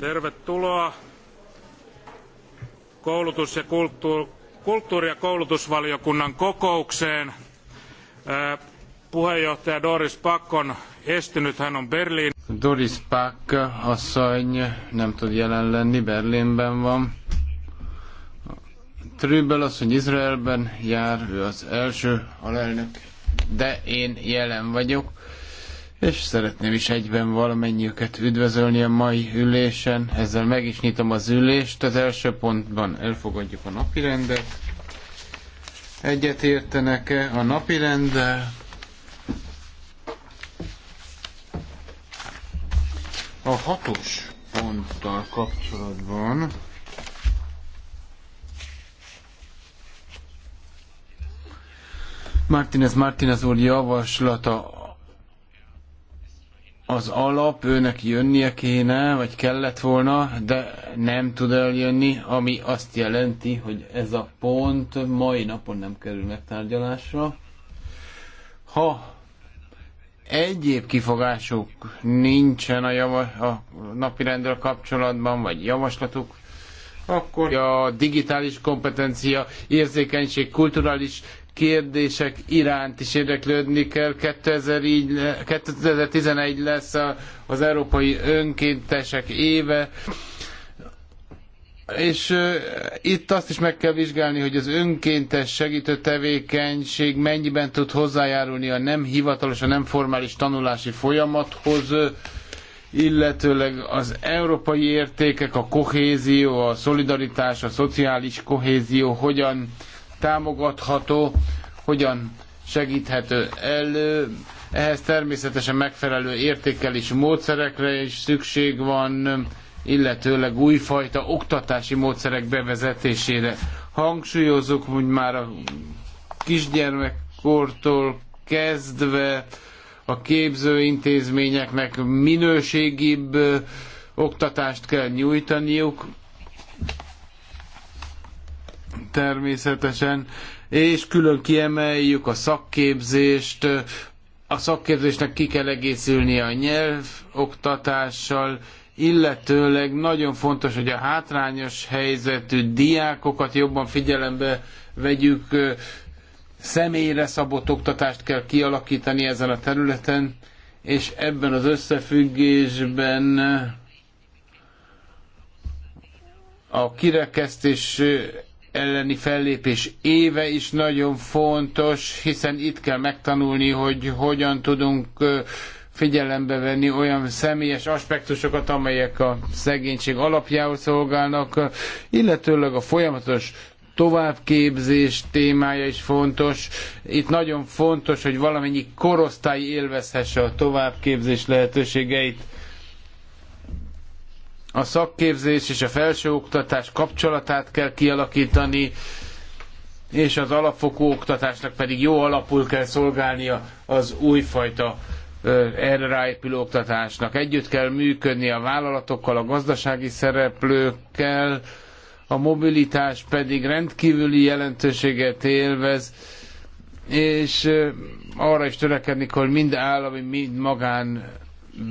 Tervetuloa kulttuuri- ja koulutusvaliokunnan kokoukseen. Puheenjohtaja Doris Pack on estynyt, hän on Berliin. Doris Pack asszony nem tud jelen lenni, Berlinben van. Trübel asszony Izraelben jár, ő az első alelnök, de én jelen vagyok és szeretném is egyben valamennyiüket üdvözölni a mai ülésen. Ezzel meg is nyitom az ülést. Az első pontban elfogadjuk a napirendet. Egyet értenek-e a napirenddel? A hatos ponttal kapcsolatban Martínez Martínez úr javaslata az alap, őnek jönnie kéne, vagy kellett volna, de nem tud eljönni, ami azt jelenti, hogy ez a pont mai napon nem kerül megtárgyalásra. Ha egyéb kifogások nincsen a, java- a napirendről kapcsolatban, vagy javaslatuk, akkor a digitális kompetencia, érzékenység, kulturális kérdések iránt is érdeklődni kell. 2011 lesz az Európai Önkéntesek éve, és itt azt is meg kell vizsgálni, hogy az önkéntes segítő tevékenység mennyiben tud hozzájárulni a nem hivatalos, a nem formális tanulási folyamathoz, illetőleg az európai értékek, a kohézió, a szolidaritás, a szociális kohézió hogyan támogatható, hogyan segíthető elő. Ehhez természetesen megfelelő értékelési módszerekre is szükség van, illetőleg újfajta oktatási módszerek bevezetésére. Hangsúlyozzuk, hogy már a kisgyermekkortól kezdve a képzőintézményeknek minőségibb oktatást kell nyújtaniuk, természetesen, és külön kiemeljük a szakképzést, a szakképzésnek ki kell egészülnie a nyelvoktatással, illetőleg nagyon fontos, hogy a hátrányos helyzetű diákokat jobban figyelembe vegyük, személyre szabott oktatást kell kialakítani ezen a területen, és ebben az összefüggésben a kirekesztés elleni fellépés éve is nagyon fontos, hiszen itt kell megtanulni, hogy hogyan tudunk figyelembe venni olyan személyes aspektusokat, amelyek a szegénység alapjául szolgálnak, illetőleg a folyamatos továbbképzés témája is fontos. Itt nagyon fontos, hogy valamennyi korosztály élvezhesse a továbbképzés lehetőségeit a szakképzés és a felsőoktatás kapcsolatát kell kialakítani, és az alapfokú oktatásnak pedig jó alapul kell szolgálnia az újfajta erre ráépülő oktatásnak. Együtt kell működni a vállalatokkal, a gazdasági szereplőkkel, a mobilitás pedig rendkívüli jelentőséget élvez, és arra is törekedni kell, mind állami, mind magán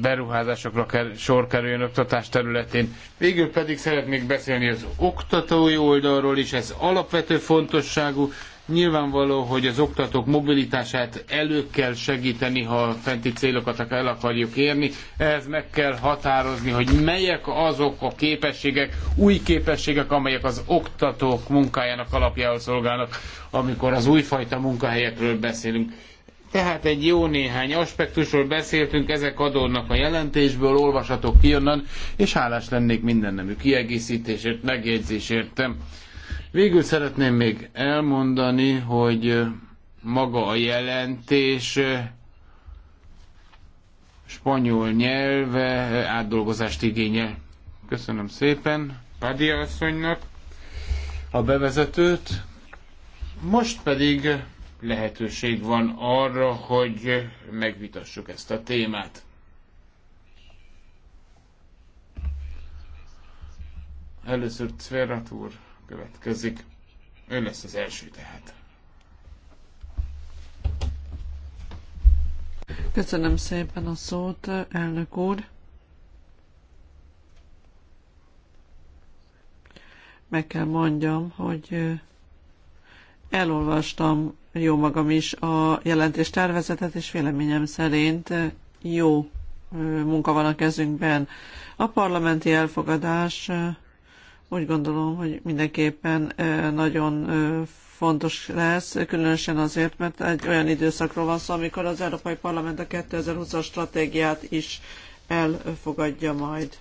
beruházásokra ker, sor kerüljön oktatás területén. Végül pedig szeretnék beszélni az oktatói oldalról is, ez alapvető fontosságú. Nyilvánvaló, hogy az oktatók mobilitását elő kell segíteni, ha a fenti célokat el akarjuk érni. Ehhez meg kell határozni, hogy melyek azok a képességek, új képességek, amelyek az oktatók munkájának alapjául szolgálnak, amikor az újfajta munkahelyekről beszélünk tehát egy jó néhány aspektusról beszéltünk, ezek adódnak a jelentésből, olvasatok ki onnan, és hálás lennék minden nemű kiegészítésért, megjegyzésért. Végül szeretném még elmondani, hogy maga a jelentés spanyol nyelve átdolgozást igényel. Köszönöm szépen Padia asszonynak a bevezetőt. Most pedig lehetőség van arra, hogy megvitassuk ezt a témát. Először Cverat következik. Ő lesz az első tehát. Köszönöm szépen a szót, elnök úr. Meg kell mondjam, hogy eh, elolvastam jó magam is a jelentés tervezetet, és véleményem szerint jó munka van a kezünkben. A parlamenti elfogadás úgy gondolom, hogy mindenképpen nagyon fontos lesz, különösen azért, mert egy olyan időszakról van szó, amikor az Európai Parlament a 2020-as stratégiát is elfogadja majd.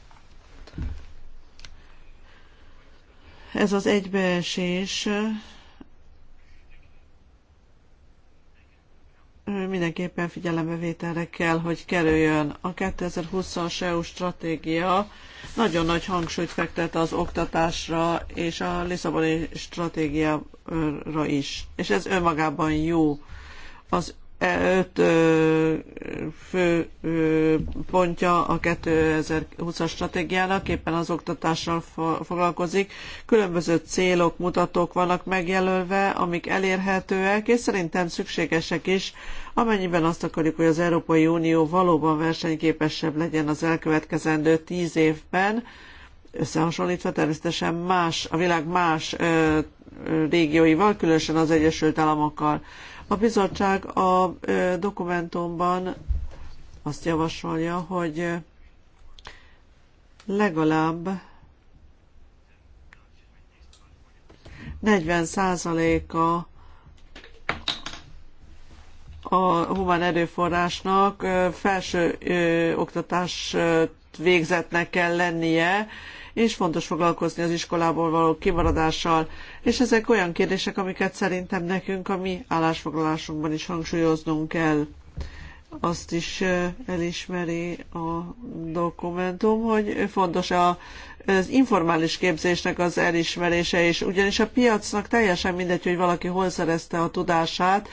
Ez az egybeesés mindenképpen figyelembevételre kell, hogy kerüljön. A 2020-as EU stratégia nagyon nagy hangsúlyt fektet az oktatásra és a Lisszaboni stratégiára is, és ez önmagában jó. Az öt fő pontja a 2020-as stratégiának, éppen az oktatással foglalkozik. Különböző célok, mutatók vannak megjelölve, amik elérhetőek, és szerintem szükségesek is, amennyiben azt akarjuk, hogy az Európai Unió valóban versenyképesebb legyen az elkövetkezendő tíz évben, összehasonlítva természetesen más, a világ más régióival, különösen az Egyesült Államokkal. A bizottság a dokumentumban azt javasolja, hogy legalább 40%-a a humán erőforrásnak felső oktatást végzetnek kell lennie, és fontos foglalkozni az iskolából való kimaradással, és ezek olyan kérdések, amiket szerintem nekünk a mi állásfoglalásunkban is hangsúlyoznunk kell. Azt is elismeri a dokumentum, hogy fontos a az informális képzésnek az elismerése is, ugyanis a piacnak teljesen mindegy, hogy valaki hol szerezte a tudását,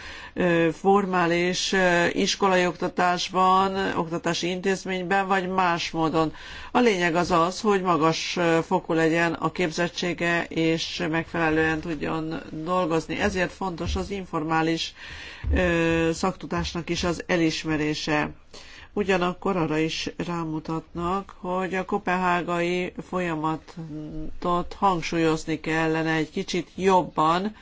formális iskolai oktatásban, oktatási intézményben, vagy más módon. A lényeg az az, hogy magas fokú legyen a képzettsége, és megfelelően tudjon dolgozni. Ezért fontos az informális szaktudásnak is az elismerése ugyanakkor arra is rámutatnak, hogy a kopehágai folyamatot hangsúlyozni kellene egy kicsit jobban,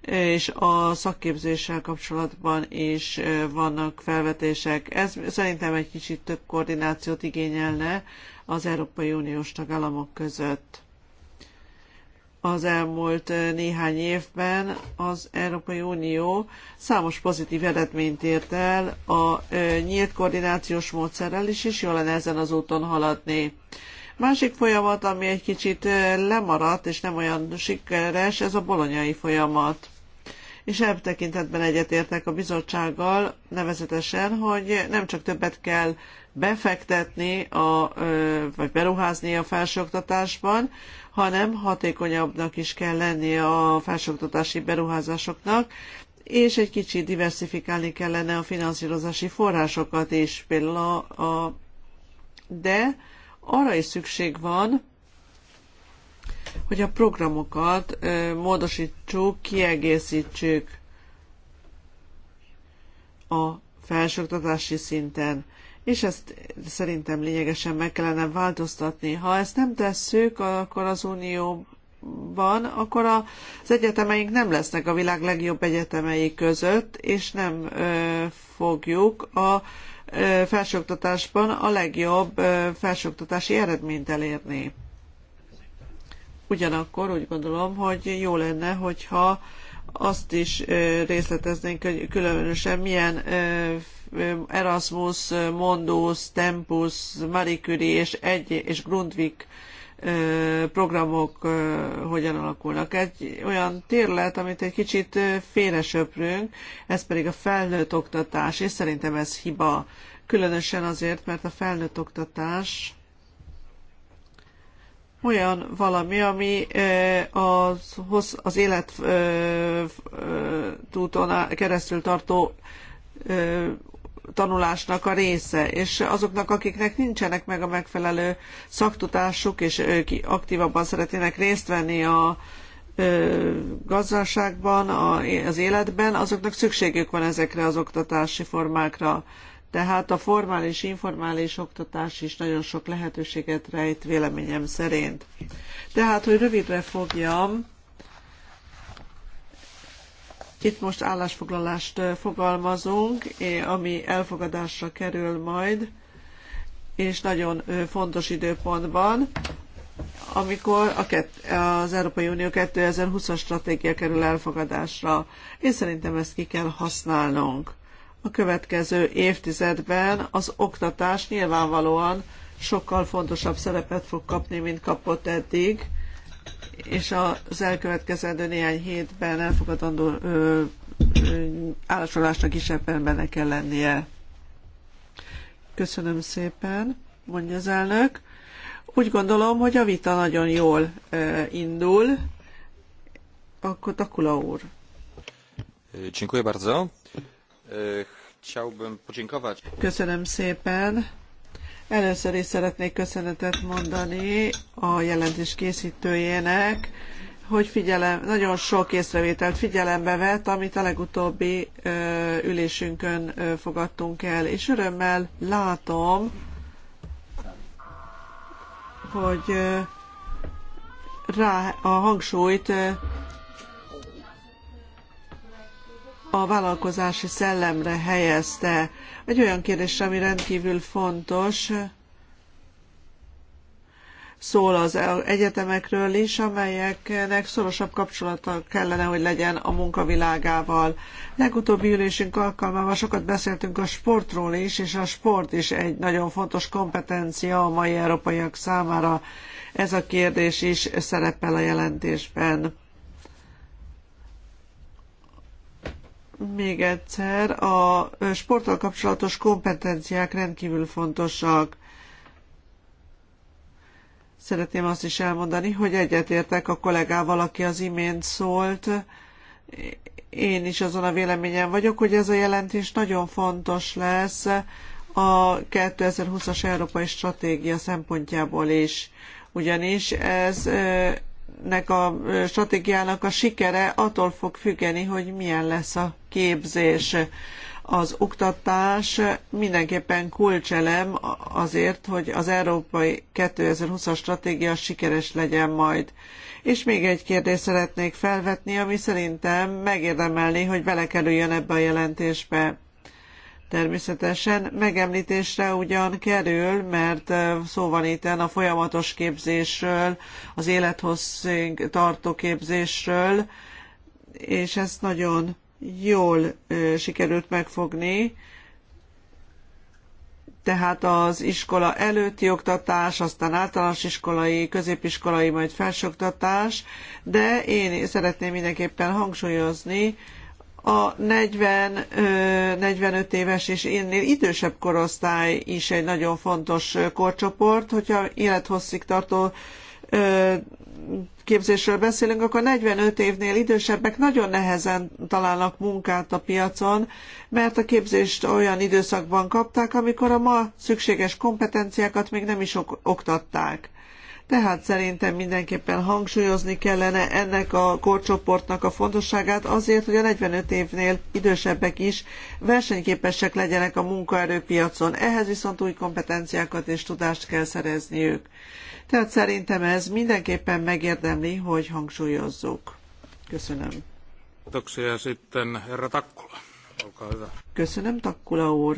és a szakképzéssel kapcsolatban is vannak felvetések. Ez szerintem egy kicsit több koordinációt igényelne az Európai Uniós tagállamok között az elmúlt néhány évben az Európai Unió számos pozitív eredményt ért el a nyílt koordinációs módszerrel is, és jól lenne ezen az úton haladni. Másik folyamat, ami egy kicsit lemaradt és nem olyan sikeres, ez a bolonyai folyamat. És ebb tekintetben egyetértek a bizottsággal, nevezetesen, hogy nem csak többet kell befektetni, a, vagy beruházni a felsőoktatásban, hanem hatékonyabbnak is kell lennie a felsőoktatási beruházásoknak, és egy kicsit diversifikálni kellene a finanszírozási forrásokat is, például a, a de arra is szükség van, hogy a programokat ö, módosítsuk, kiegészítsük a felsőoktatási szinten és ezt szerintem lényegesen meg kellene változtatni. Ha ezt nem tesszük, akkor az Unió van, akkor az egyetemeink nem lesznek a világ legjobb egyetemei között, és nem ö, fogjuk a ö, felsőoktatásban a legjobb ö, felsőoktatási eredményt elérni. Ugyanakkor úgy gondolom, hogy jó lenne, hogyha ö, azt is részleteznénk, hogy különösen milyen Erasmus, Mondus, Tempus, Marie Curie és, egy, és Grundvik programok hogyan alakulnak. Egy olyan térlet, amit egy kicsit félresöprünk, ez pedig a felnőtt oktatás, és szerintem ez hiba, különösen azért, mert a felnőtt oktatás olyan valami, ami az, az túton keresztül tartó tanulásnak a része, és azoknak, akiknek nincsenek meg a megfelelő szaktutásuk, és ők aktívabban szeretnének részt venni a gazdaságban, az életben, azoknak szükségük van ezekre az oktatási formákra tehát a formális, informális oktatás is nagyon sok lehetőséget rejt véleményem szerint. Tehát, hogy rövidre fogjam, itt most állásfoglalást fogalmazunk, ami elfogadásra kerül majd, és nagyon fontos időpontban, amikor a kett, az Európai Unió 2020-as stratégia kerül elfogadásra. Én szerintem ezt ki kell használnunk a következő évtizedben az oktatás nyilvánvalóan sokkal fontosabb szerepet fog kapni, mint kapott eddig, és az elkövetkezendő néhány hétben elfogadandó ö, állásolásnak is ebben benne kell lennie. Köszönöm szépen, mondja az elnök. Úgy gondolom, hogy a vita nagyon jól ö, indul. Akkor Takula úr. Dziękuję bardzo. Chciałbym podziękować. Köszönöm szépen. Először is szeretnék köszönetet mondani a jelentés készítőjének, hogy figyelem, nagyon sok észrevételt figyelembe vett, amit a legutóbbi ö, ülésünkön ö, fogadtunk el, és örömmel látom, hogy ö, rá a hangsúlyt ö, a vállalkozási szellemre helyezte. Egy olyan kérdés, ami rendkívül fontos, szól az e- egyetemekről is, amelyeknek szorosabb kapcsolata kellene, hogy legyen a munkavilágával. Legutóbbi ülésünk alkalmával sokat beszéltünk a sportról is, és a sport is egy nagyon fontos kompetencia a mai európaiak számára. Ez a kérdés is szerepel a jelentésben. még egyszer, a sporttal kapcsolatos kompetenciák rendkívül fontosak. Szeretném azt is elmondani, hogy egyetértek a kollégával, aki az imént szólt. Én is azon a véleményen vagyok, hogy ez a jelentés nagyon fontos lesz a 2020-as Európai Stratégia szempontjából is. Ugyanis ez nek a stratégiának a sikere attól fog függeni, hogy milyen lesz a képzés. Az oktatás mindenképpen kulcselem azért, hogy az Európai 2020-as stratégia sikeres legyen majd. És még egy kérdést szeretnék felvetni, ami szerintem megérdemelné, hogy belekerüljön ebbe a jelentésbe Természetesen megemlítésre ugyan kerül, mert szó van itt a folyamatos képzésről, az élethosszig tartó képzésről, és ezt nagyon jól sikerült megfogni tehát az iskola előtti oktatás, aztán általános iskolai, középiskolai, majd felsőoktatás, de én szeretném mindenképpen hangsúlyozni, a 40-45 éves és énnél idősebb korosztály is egy nagyon fontos korcsoport, hogyha élethosszig tartó képzésről beszélünk, akkor 45 évnél idősebbek nagyon nehezen találnak munkát a piacon, mert a képzést olyan időszakban kapták, amikor a ma szükséges kompetenciákat még nem is oktatták. Tehát szerintem mindenképpen hangsúlyozni kellene ennek a korcsoportnak a fontosságát azért, hogy a 45 évnél idősebbek is versenyképesek legyenek a munkaerőpiacon. Ehhez viszont új kompetenciákat és tudást kell szerezniük. Tehát szerintem ez mindenképpen megérdemli, hogy hangsúlyozzuk. Köszönöm. Kiitoksia sitten herra Takkula. Olkaa hyvä. Köszönöm Takkula úr.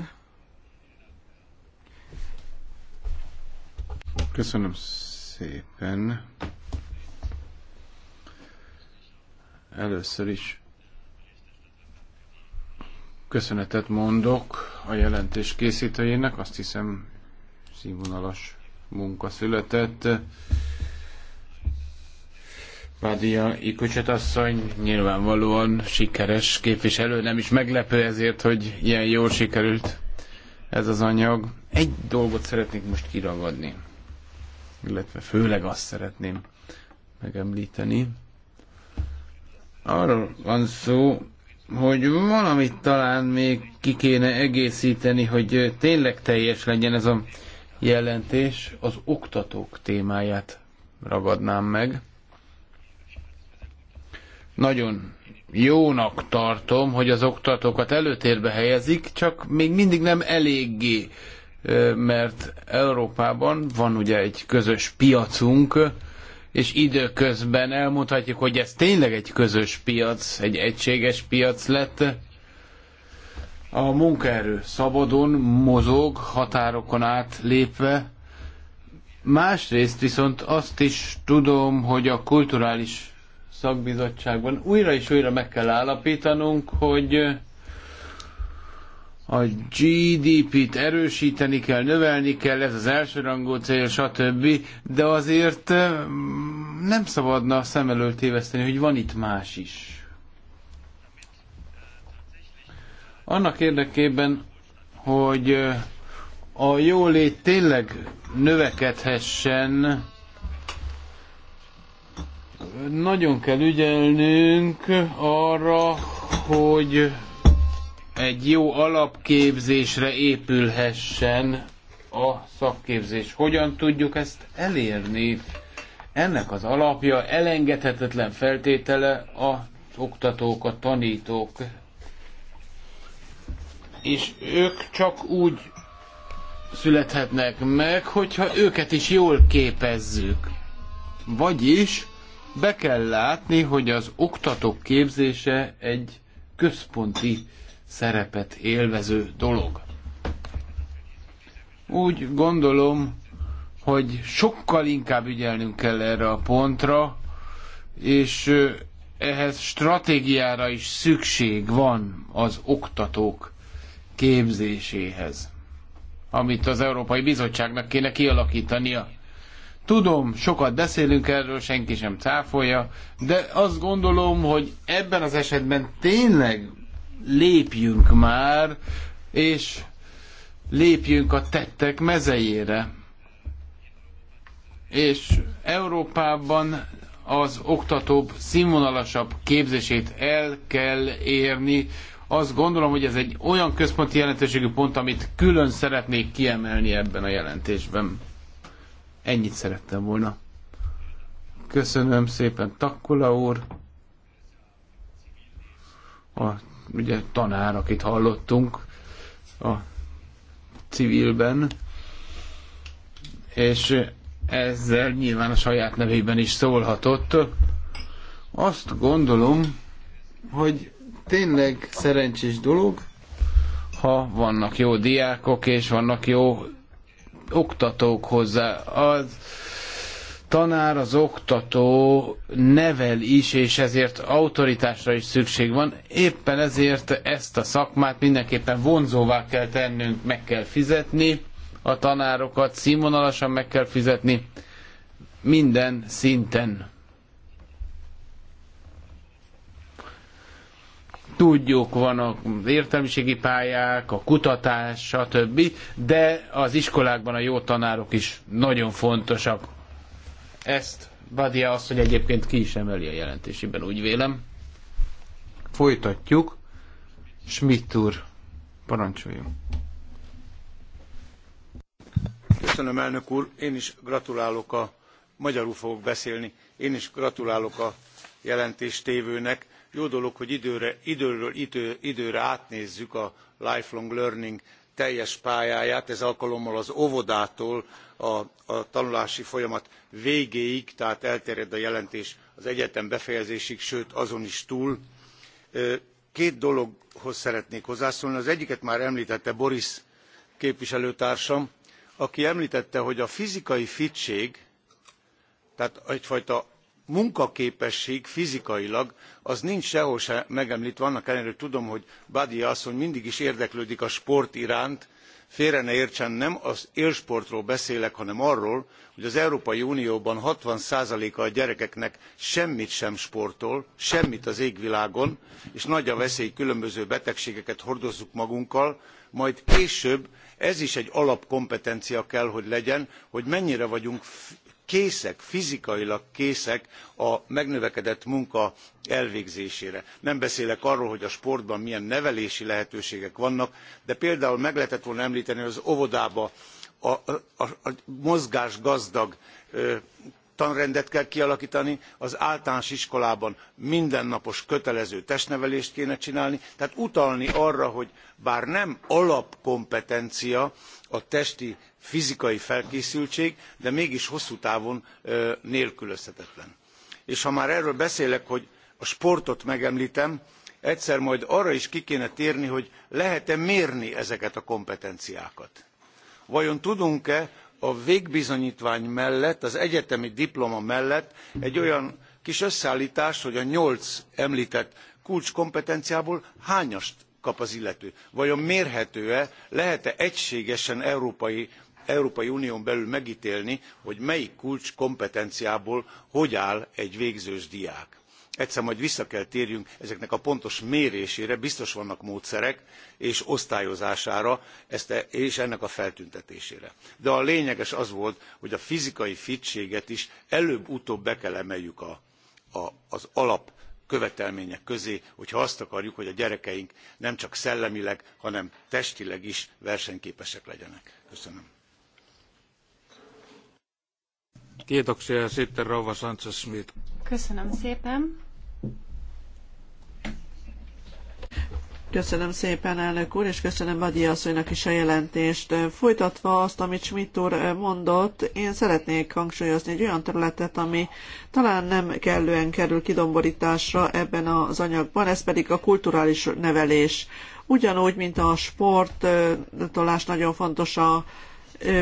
Köszönöm szépen. Először is köszönetet mondok a jelentés készítőjének, azt hiszem színvonalas munka született. Padia Ikocset asszony nyilvánvalóan sikeres képviselő, nem is meglepő ezért, hogy ilyen jól sikerült ez az anyag. Egy dolgot szeretnék most kiragadni illetve főleg azt szeretném megemlíteni. Arról van szó, hogy valamit talán még ki kéne egészíteni, hogy tényleg teljes legyen ez a jelentés. Az oktatók témáját ragadnám meg. Nagyon jónak tartom, hogy az oktatókat előtérbe helyezik, csak még mindig nem eléggé mert Európában van ugye egy közös piacunk, és időközben elmutatjuk, hogy ez tényleg egy közös piac, egy egységes piac lett. A munkaerő szabadon mozog, határokon át lépve. Másrészt viszont azt is tudom, hogy a kulturális szakbizottságban újra és újra meg kell állapítanunk, hogy a GDP-t erősíteni kell, növelni kell, ez az elsőrangú cél, stb. De azért nem szabadna szem elől téveszteni, hogy van itt más is. Annak érdekében, hogy eh, a jólét tényleg növekedhessen, nagyon kell ügyelnünk arra, hogy egy jó alapképzésre épülhessen a szakképzés. Hogyan tudjuk ezt elérni? Ennek az alapja, elengedhetetlen feltétele a oktatók, a tanítók. És ők csak úgy születhetnek meg, hogyha őket is jól képezzük. Vagyis be kell látni, hogy az oktatók képzése egy központi szerepet élvező dolog. Úgy gondolom, hogy sokkal inkább ügyelnünk kell erre a pontra, és ehhez stratégiára is szükség van az oktatók képzéséhez, amit az Európai Bizottságnak kéne kialakítania. Tudom, sokat beszélünk erről, senki sem cáfolja, de azt gondolom, hogy ebben az esetben tényleg lépjünk már, és lépjünk a tettek mezejére. És Európában az oktatóbb, színvonalasabb képzését el kell érni. Azt gondolom, hogy ez egy olyan központi jelentőségű pont, amit külön szeretnék kiemelni ebben a jelentésben. Ennyit szerettem volna. Köszönöm szépen, Takkula úr. A ugye tanár, akit hallottunk a civilben, és ezzel nyilván a saját nevében is szólhatott. Azt gondolom, hogy tényleg szerencsés dolog, ha vannak jó diákok és vannak jó oktatók hozzá. Az tanár, az oktató nevel is, és ezért autoritásra is szükség van. Éppen ezért ezt a szakmát mindenképpen vonzóvá kell tennünk, meg kell fizetni a tanárokat, színvonalasan meg kell fizetni minden szinten. tudjuk, van az értelmiségi pályák, a kutatás, stb., de az iskolákban a jó tanárok is nagyon fontosak. Ezt Badia azt, hogy egyébként ki is emeli a jelentésében, úgy vélem. Folytatjuk. Schmidt úr, parancsoljon. Köszönöm, elnök úr. Én is gratulálok a, magyarul fogok beszélni, én is gratulálok a jelentéstévőnek. Jó dolog, hogy időre, időről idő, időre átnézzük a lifelong learning teljes pályáját, ez alkalommal az óvodától a, a tanulási folyamat végéig, tehát elterjed a jelentés az egyetem befejezésig, sőt azon is túl. Két dologhoz szeretnék hozzászólni. Az egyiket már említette Boris képviselőtársam, aki említette, hogy a fizikai fittség, tehát egyfajta munkaképesség fizikailag az nincs sehol sem megemltve annak ellenére hogy tudom hogy badi asszony mindig is érdeklődik a sport iránt félre ne értsen nem az élsportról beszélek hanem arról hogy az európai unióban sixty a a gyerekeknek semmit sem sportol semmit az égvilágon és nagy a veszély különböző betegségeket hordozzuk magunkkal majd később ez is egy alapkompetencia kell hogy legyen hogy mennyire vagyunk készek, fizikailag készek a megnövekedett munka elvégzésére. Nem beszélek arról, hogy a sportban milyen nevelési lehetőségek vannak, de például meg lehetett volna említeni, hogy az óvodába a, a, a mozgásgazdag tanrendet kell kialaktani az általános iskolában mindennapos kötelező testnevelést kéne csinálni tehát utalni arra hogy bár nem alapkompetencia a testi fizikai felkészültség de mégis hosszú távon nélkülözhetetlen. és ha már erről beszélek hogy a sportot megemltem egyszer majd arra is ki kéne térni hogy lehet e mérni ezeket a kompetenciákat. vajon tudunk e a végbizonyítvány mellett, az egyetemi diploma mellett egy olyan kis összeálltást hogy a nyolc említett kulcskompetenciából hányast kap az illető. Vajon mérhető-e, lehet-e egységesen európai európai unión belül megtélni hogy melyik kulcskompetenciából hogy áll egy végzős diák egyszer majd vissza kell térjünk ezeknek a pontos mérésére biztos vannak módszerek és osztályozására e- és ennek a feltüntetésére. de a lényeges az volt hogy a fizikai fittséget is előbb utóbb be kell emeljük a, a, az alap követelmények közé hogyha azt akarjuk hogy a gyerekeink nem csak szellemileg hanem testileg is versenyképesek legyenek. köszönöm. Kiitoksia. Sitten rouva Sanchez-Smith. Köszönöm szépen. Köszönöm szépen, elnök úr, és köszönöm Badi asszonynak is a jelentést. Folytatva azt, amit Schmidt úr mondott, én szeretnék hangsúlyozni egy olyan területet, ami talán nem kellően kerül kidomborításra ebben az anyagban, ez pedig a kulturális nevelés. Ugyanúgy, mint a sportolás nagyon fontos a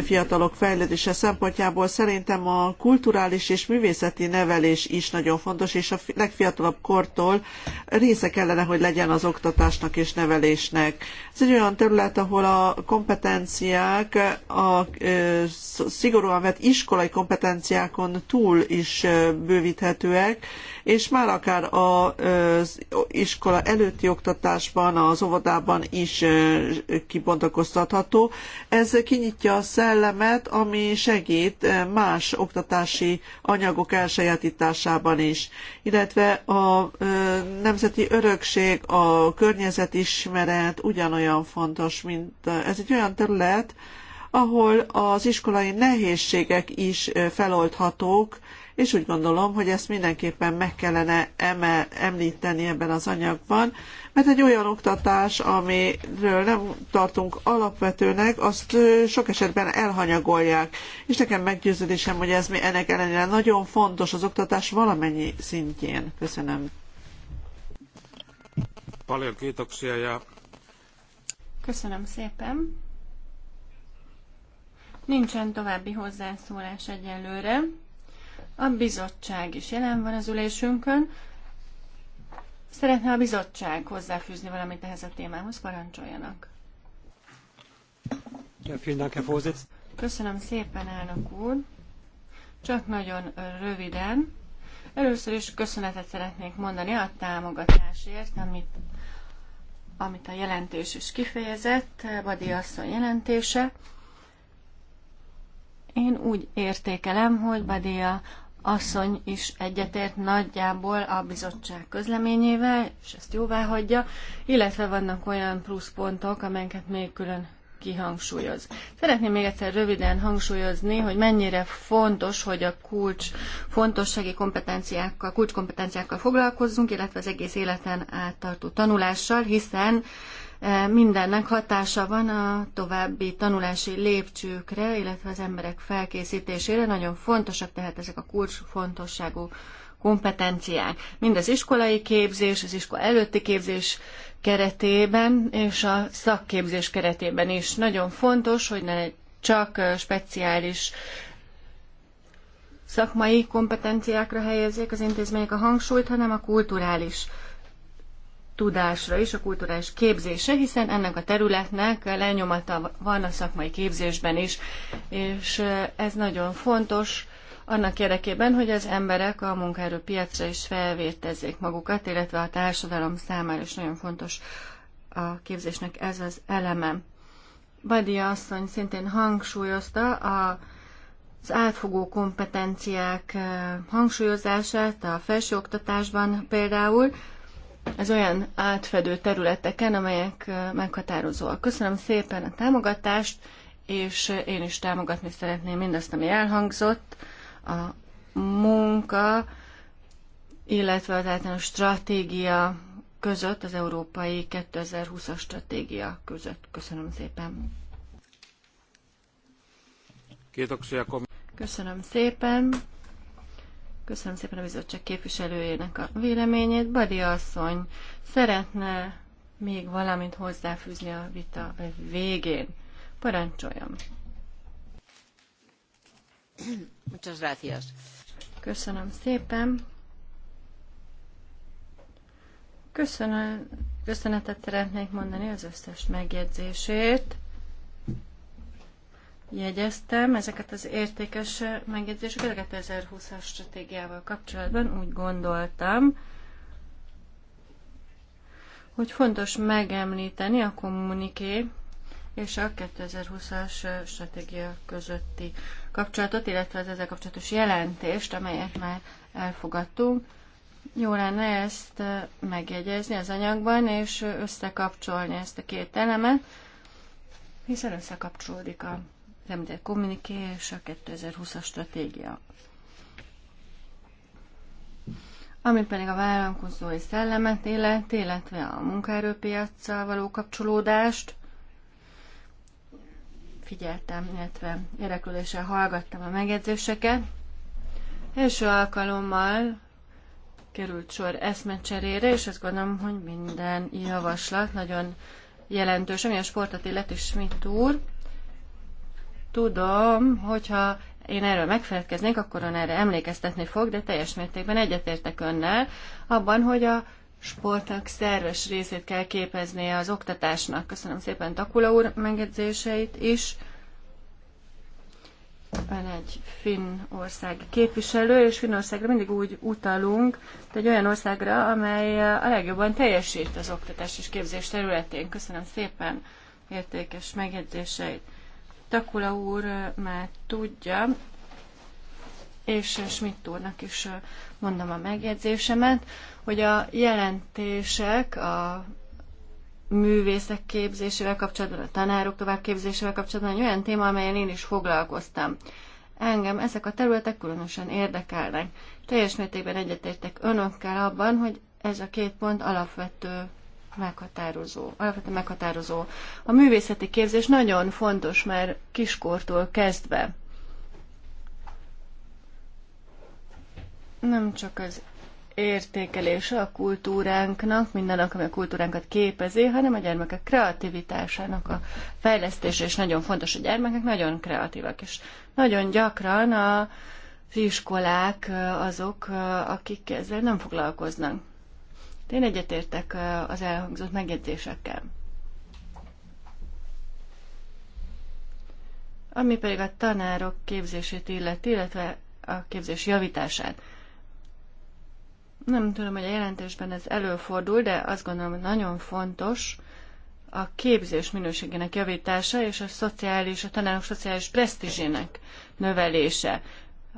fiatalok fejlődése szempontjából szerintem a kulturális és művészeti nevelés is nagyon fontos, és a legfiatalabb kortól része kellene, hogy legyen az oktatásnak és nevelésnek. Ez egy olyan terület, ahol a kompetenciák a szigorúan vett iskolai kompetenciákon túl is bővíthetőek, és már akár az iskola előtti oktatásban, az óvodában is kibontakoztatható. Ez kinyitja a szellemet, ami segít más oktatási anyagok elsajátításában is, illetve a nemzeti örökség, a környezetismeret ugyanolyan fontos, mint ez egy olyan terület, ahol az iskolai nehézségek is feloldhatók, és úgy gondolom, hogy ezt mindenképpen meg kellene emel, említeni ebben az anyagban, mert egy olyan oktatás, amiről nem tartunk alapvetőnek, azt sok esetben elhanyagolják, és nekem meggyőződésem, hogy ez mi ennek ellenére nagyon fontos az oktatás valamennyi szintjén. Köszönöm. Paljon kiitoksia ja... Köszönöm szépen. Nincsen további hozzászólás egyelőre. A bizottság is jelen van az ülésünkön. Szeretne a bizottság hozzáfűzni valamit ehhez a témához, parancsoljanak. Köszönöm szépen, elnök úr. Csak nagyon röviden. Először is köszönetet szeretnék mondani a támogatásért, amit, amit a jelentés is kifejezett, Badi asszony jelentése. Én úgy értékelem, hogy Badia asszony is egyetért nagyjából a bizottság közleményével, és ezt jóvá hagyja, illetve vannak olyan pluszpontok, amelyeket még külön kihangsúlyoz. Szeretném még egyszer röviden hangsúlyozni, hogy mennyire fontos, hogy a kulcs fontossági kompetenciákkal, kulcskompetenciákkal foglalkozzunk, illetve az egész életen áttartó tanulással, hiszen mindennek hatása van a további tanulási lépcsőkre, illetve az emberek felkészítésére. Nagyon fontosak tehát ezek a kulcsfontosságú kompetenciák. Mind az iskolai képzés, az iskola előtti képzés keretében és a szakképzés keretében is. Nagyon fontos, hogy ne csak speciális szakmai kompetenciákra helyezzék az intézmények a hangsúlyt, hanem a kulturális tudásra és a kulturális képzésre, hiszen ennek a területnek lenyomata van a szakmai képzésben is, és ez nagyon fontos annak érdekében, hogy az emberek a munkaerőpiacra is felvértezzék magukat, illetve a társadalom számára is nagyon fontos a képzésnek ez az eleme. Badia asszony szintén hangsúlyozta a az átfogó kompetenciák hangsúlyozását a felsőoktatásban például, az olyan átfedő területeken, amelyek meghatározóak. Köszönöm szépen a támogatást, és én is támogatni szeretném mindazt, ami elhangzott, a munka, illetve az általános stratégia között, az Európai 2020-as stratégia között. Köszönöm szépen. Köszönöm szépen. Köszönöm szépen a bizottság képviselőjének a véleményét. Badi asszony szeretne még valamit hozzáfűzni a vita végén. parancsoljam. Muchas gracias. Köszönöm szépen. Köszönöm, köszönetet szeretnék mondani az összes megjegyzését jegyeztem ezeket az értékes megjegyzéseket a 2020-as stratégiával kapcsolatban. Úgy gondoltam, hogy fontos megemlíteni a kommuniké és a 2020-as stratégia közötti kapcsolatot, illetve az ezzel kapcsolatos jelentést, amelyet már elfogadtunk. Jó lenne ezt megjegyezni az anyagban, és összekapcsolni ezt a két elemet, hiszen összekapcsolódik a említett kommuniké és a 2020-as stratégia. Ami pedig a vállalkozói szellemet élet, illetve a munkaerőpiacsal való kapcsolódást, figyeltem, illetve érdeklődéssel hallgattam a megjegyzéseket. Első alkalommal került sor eszmecserére, és azt gondolom, hogy minden javaslat nagyon jelentős, ami a sportot illeti Schmidt úr Tudom, hogyha én erről megfelelkeznék, akkor ön erre emlékeztetni fog, de teljes mértékben egyetértek önnel abban, hogy a sportnak szerves részét kell képeznie az oktatásnak. Köszönöm szépen Takula úr megjegyzéseit is. Ön egy ország képviselő, és Finnországra mindig úgy utalunk, de egy olyan országra, amely a legjobban teljesít az oktatás és képzés területén. Köszönöm szépen értékes megjegyzéseit. Takula úr már tudja, és Schmidt úrnak is mondom a megjegyzésemet, hogy a jelentések a művészek képzésével kapcsolatban, a tanárok továbbképzésével kapcsolatban egy olyan téma, amelyen én is foglalkoztam. Engem ezek a területek különösen érdekelnek. Teljes mértékben egyetértek önökkel abban, hogy ez a két pont alapvető meghatározó, alapvetően meghatározó. A művészeti képzés nagyon fontos mert kiskortól kezdve. Nem csak az értékelése a kultúránknak, mindennek, ami a kultúránkat képezi, hanem a gyermekek kreativitásának a fejlesztése, és nagyon fontos, a gyermekek nagyon kreatívak, és nagyon gyakran a, az iskolák azok, akik ezzel nem foglalkoznak. Én egyetértek az elhangzott megjegyzésekkel. Ami pedig a tanárok képzését illeti, illetve a képzés javítását. Nem tudom, hogy a jelentésben ez előfordul, de azt gondolom, hogy nagyon fontos a képzés minőségének javítása és a szociális, a tanárok szociális presztízsének növelése.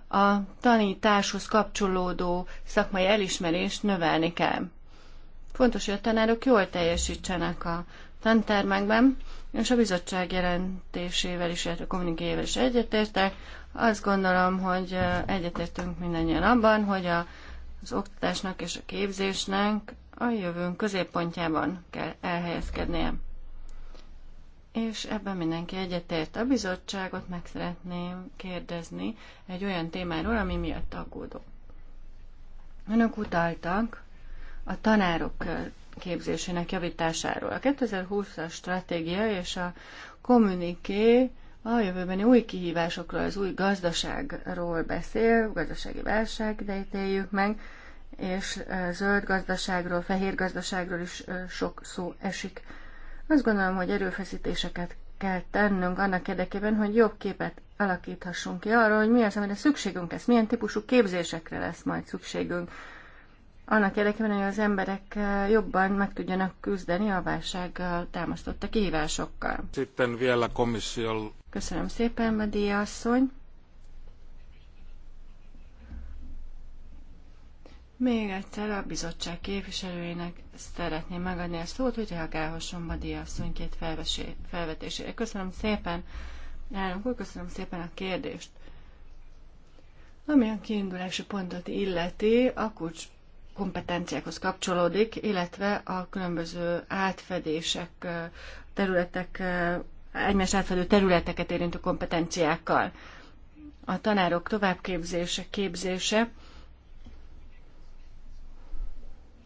A tanításhoz kapcsolódó szakmai elismerést növelni kell. Fontos, hogy a tanárok jól teljesítsenek a tantermekben, és a bizottság jelentésével is, illetve kommunikével is egyetértek. Azt gondolom, hogy egyetértünk mindannyian abban, hogy a, az oktatásnak és a képzésnek a jövőnk középpontjában kell elhelyezkednie. És ebben mindenki egyetért. A bizottságot meg szeretném kérdezni egy olyan témáról, ami miatt aggódok. Önök utaltak a tanárok képzésének javításáról. A 2020-as stratégia és a kommuniké a jövőbeni új kihívásokról, az új gazdaságról beszél, gazdasági válság, de ítéljük meg, és zöld gazdaságról, fehér gazdaságról is sok szó esik. Azt gondolom, hogy erőfeszítéseket kell tennünk annak érdekében, hogy jobb képet alakíthassunk ki arról, hogy mi az, amire szükségünk lesz, milyen típusú képzésekre lesz majd szükségünk annak érdekében, hogy az emberek eh, jobban meg tudjanak küzdeni a válsággal eh, támasztotta kihívásokkal. Sitten Köszönöm szépen, Madia asszony. Még egyszer a bizottság képviselőjének szeretném megadni a szót, hogy reagálhasson Madia asszony két felvetésére. Köszönöm szépen, elnök úr, köszönöm szépen a kérdést. Ami a kiindulási pontot illeti, a kulcs kompetenciákhoz kapcsolódik, illetve a különböző átfedések, területek, egymás átfedő területeket érintő kompetenciákkal. A tanárok továbbképzése, képzése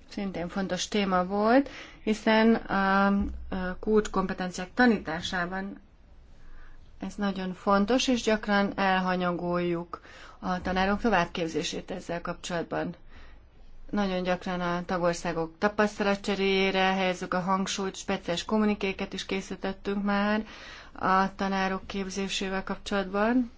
szintén fontos téma volt, hiszen a kulcskompetenciák tanításában ez nagyon fontos, és gyakran elhanyagoljuk a tanárok továbbképzését ezzel kapcsolatban. Nagyon gyakran a tagországok tapasztalatcseréjére helyezzük a hangsúlyt, speciális kommunikéket is készítettünk már a tanárok képzésével kapcsolatban.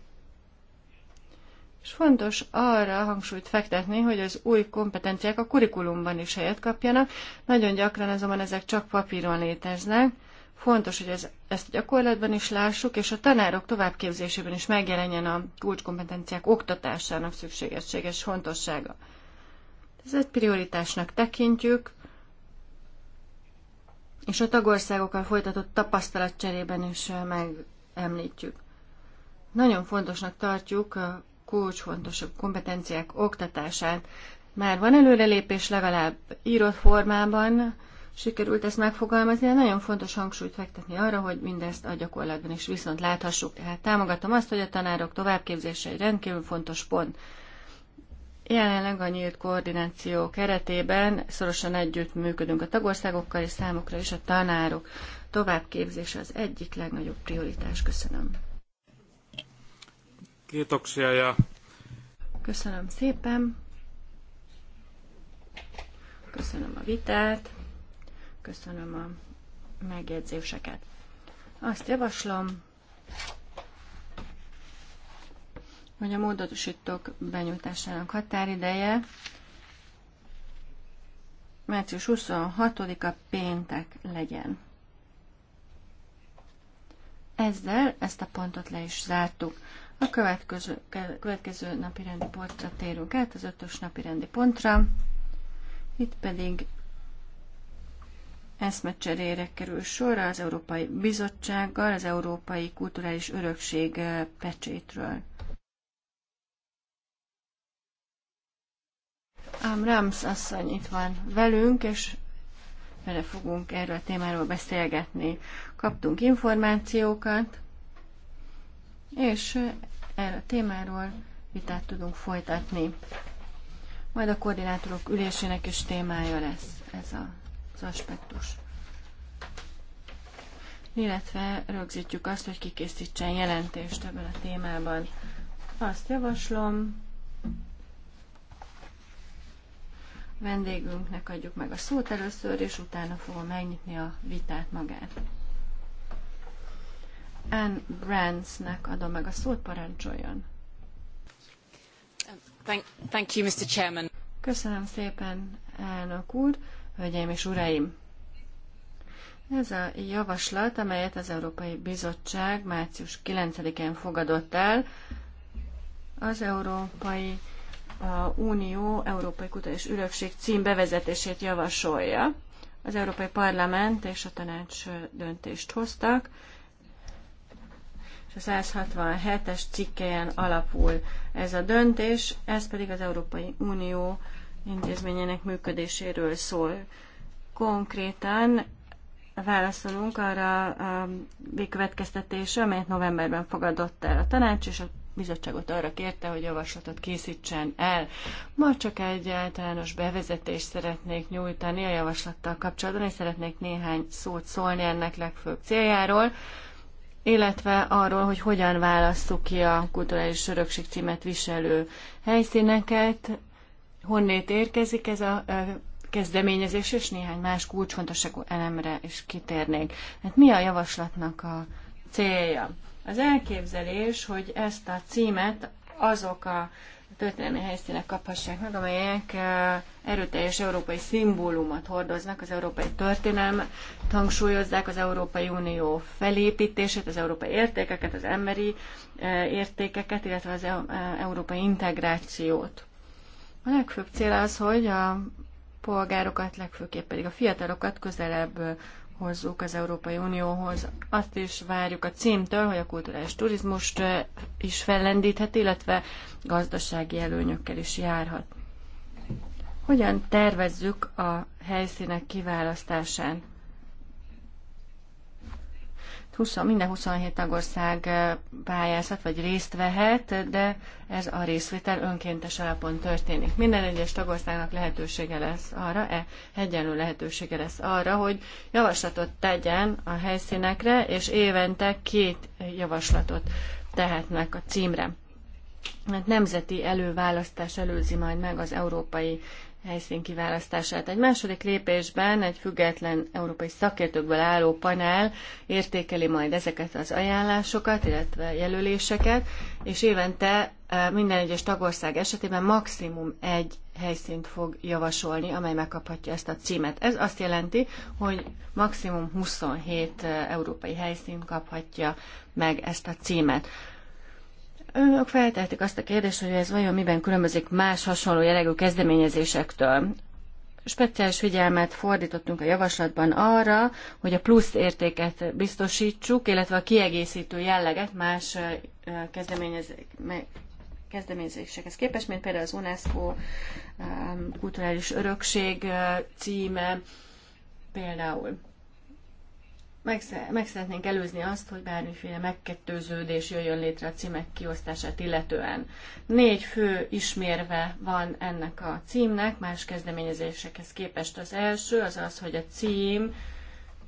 És fontos arra hangsúlyt fektetni, hogy az új kompetenciák a kurikulumban is helyet kapjanak. Nagyon gyakran azonban ezek csak papíron léteznek. Fontos, hogy ez, ezt gyakorlatban is lássuk, és a tanárok továbbképzésében is megjelenjen a kulcskompetenciák oktatásának szükségessége és fontossága. Ez egy prioritásnak tekintjük, és a tagországokkal folytatott tapasztalatcserében is megemlítjük. Nagyon fontosnak tartjuk a kulcsfontosabb kompetenciák oktatását. Már van előrelépés legalább írott formában, sikerült ezt megfogalmazni, de nagyon fontos hangsúlyt fektetni arra, hogy mindezt a gyakorlatban is viszont láthassuk. Tehát támogatom azt, hogy a tanárok továbbképzése egy rendkívül fontos pont. Jelenleg a nyílt koordináció keretében szorosan együtt működünk a tagországokkal, és számukra is a tanárok Továbbképzés az egyik legnagyobb prioritás. Köszönöm. Kiitoksia Köszönöm szépen. Köszönöm a vitát. Köszönöm a megjegyzéseket. Azt javaslom, hogy a módosítók benyújtásának határideje március 26-a péntek legyen. Ezzel ezt a pontot le is zártuk. A következő, következő napi rendi pontra térünk át, az ötös napi rendi pontra. Itt pedig eszmecserére kerül sor az Európai Bizottsággal, az Európai Kulturális Örökség eh, pecsétről. Ám Rams asszony itt van velünk, és vele fogunk erről a témáról beszélgetni. Kaptunk információkat, és erről a témáról vitát tudunk folytatni. Majd a koordinátorok ülésének is témája lesz ez a, az aspektus. Illetve rögzítjük azt, hogy kikészítsen jelentést ebben a témában. Azt javaslom, vendégünknek adjuk meg a szót először, és utána fogom megnyitni a vitát magát. Anne Brandsnek adom meg a szót, parancsoljon. Thank, thank you, Mr. Chairman. Köszönöm szépen, elnök úr, hölgyeim és uraim! Ez a javaslat, amelyet az Európai Bizottság március 9-én fogadott el, az Európai Unió Európai Kutatás Ürökség cím bevezetését javasolja. Az Európai Parlament és a tanács döntést hoztak, és a 167-es cikkelyen alapul ez a döntés, ez pedig az Európai Unió intézményének működéséről szól. Konkrétan válaszolunk arra a végkövetkeztetése, amelyet novemberben fogadott el a tanács, és a bizottságot arra kérte, hogy javaslatot készítsen el. Ma csak egy általános bevezetést szeretnék nyújtani a javaslattal kapcsolatban, és szeretnék néhány szót szólni ennek legfőbb céljáról, illetve arról, hogy hogyan válasszuk ki a kulturális örökség címet viselő helyszíneket, honnét érkezik ez a kezdeményezés, és néhány más kulcsfontosságú elemre is kitérnék. Hát mi a javaslatnak a célja? Az elképzelés, hogy ezt a címet azok a történelmi helyszínek kaphassák meg, amelyek erőteljes európai szimbólumot hordoznak, az európai történelmet, hangsúlyozzák az Európai Unió felépítését, az európai értékeket, az emberi értékeket, illetve az e-, európai integrációt. A legfőbb cél az, hogy a polgárokat, legfőképp pedig a fiatalokat közelebb hozzuk az Európai Unióhoz. Azt is várjuk a címtől, hogy a kulturális turizmust is fellendíthet, illetve gazdasági előnyökkel is járhat. Hogyan tervezzük a helyszínek kiválasztásán? 20, minden 27 tagország eh, pályázhat, vagy részt vehet, de ez a részvétel önkéntes alapon történik. Minden egyes tagországnak lehetősége lesz arra, e, egyenlő lehetősége lesz arra, hogy javaslatot tegyen a helyszínekre, és évente két javaslatot tehetnek a címre. Hát nemzeti előválasztás előzi majd meg az európai helyszín kiválasztását. Egy második lépésben egy független európai szakértőkből álló panel értékeli majd ezeket az ajánlásokat, illetve jelöléseket, és évente e, minden egyes tagország esetében maximum egy helyszínt fog javasolni, amely megkaphatja ezt a címet. Ez azt jelenti, hogy maximum 27 e, európai helyszín kaphatja meg ezt a címet. Önök feltehetik azt a kérdést, hogy ez vajon miben különbözik más hasonló jellegű kezdeményezésektől. Speciális figyelmet fordítottunk a javaslatban arra, hogy a plusz értéket biztosítsuk, illetve a kiegészítő jelleget más kezdeményezésekhez képest, mint például az UNESCO kulturális örökség címe például meg, meg szeretnénk előzni azt, hogy bármiféle megkettőződés jöjjön létre a címek kiosztását illetően. Négy fő ismérve van ennek a címnek, más kezdeményezésekhez képest az első, az az, hogy a cím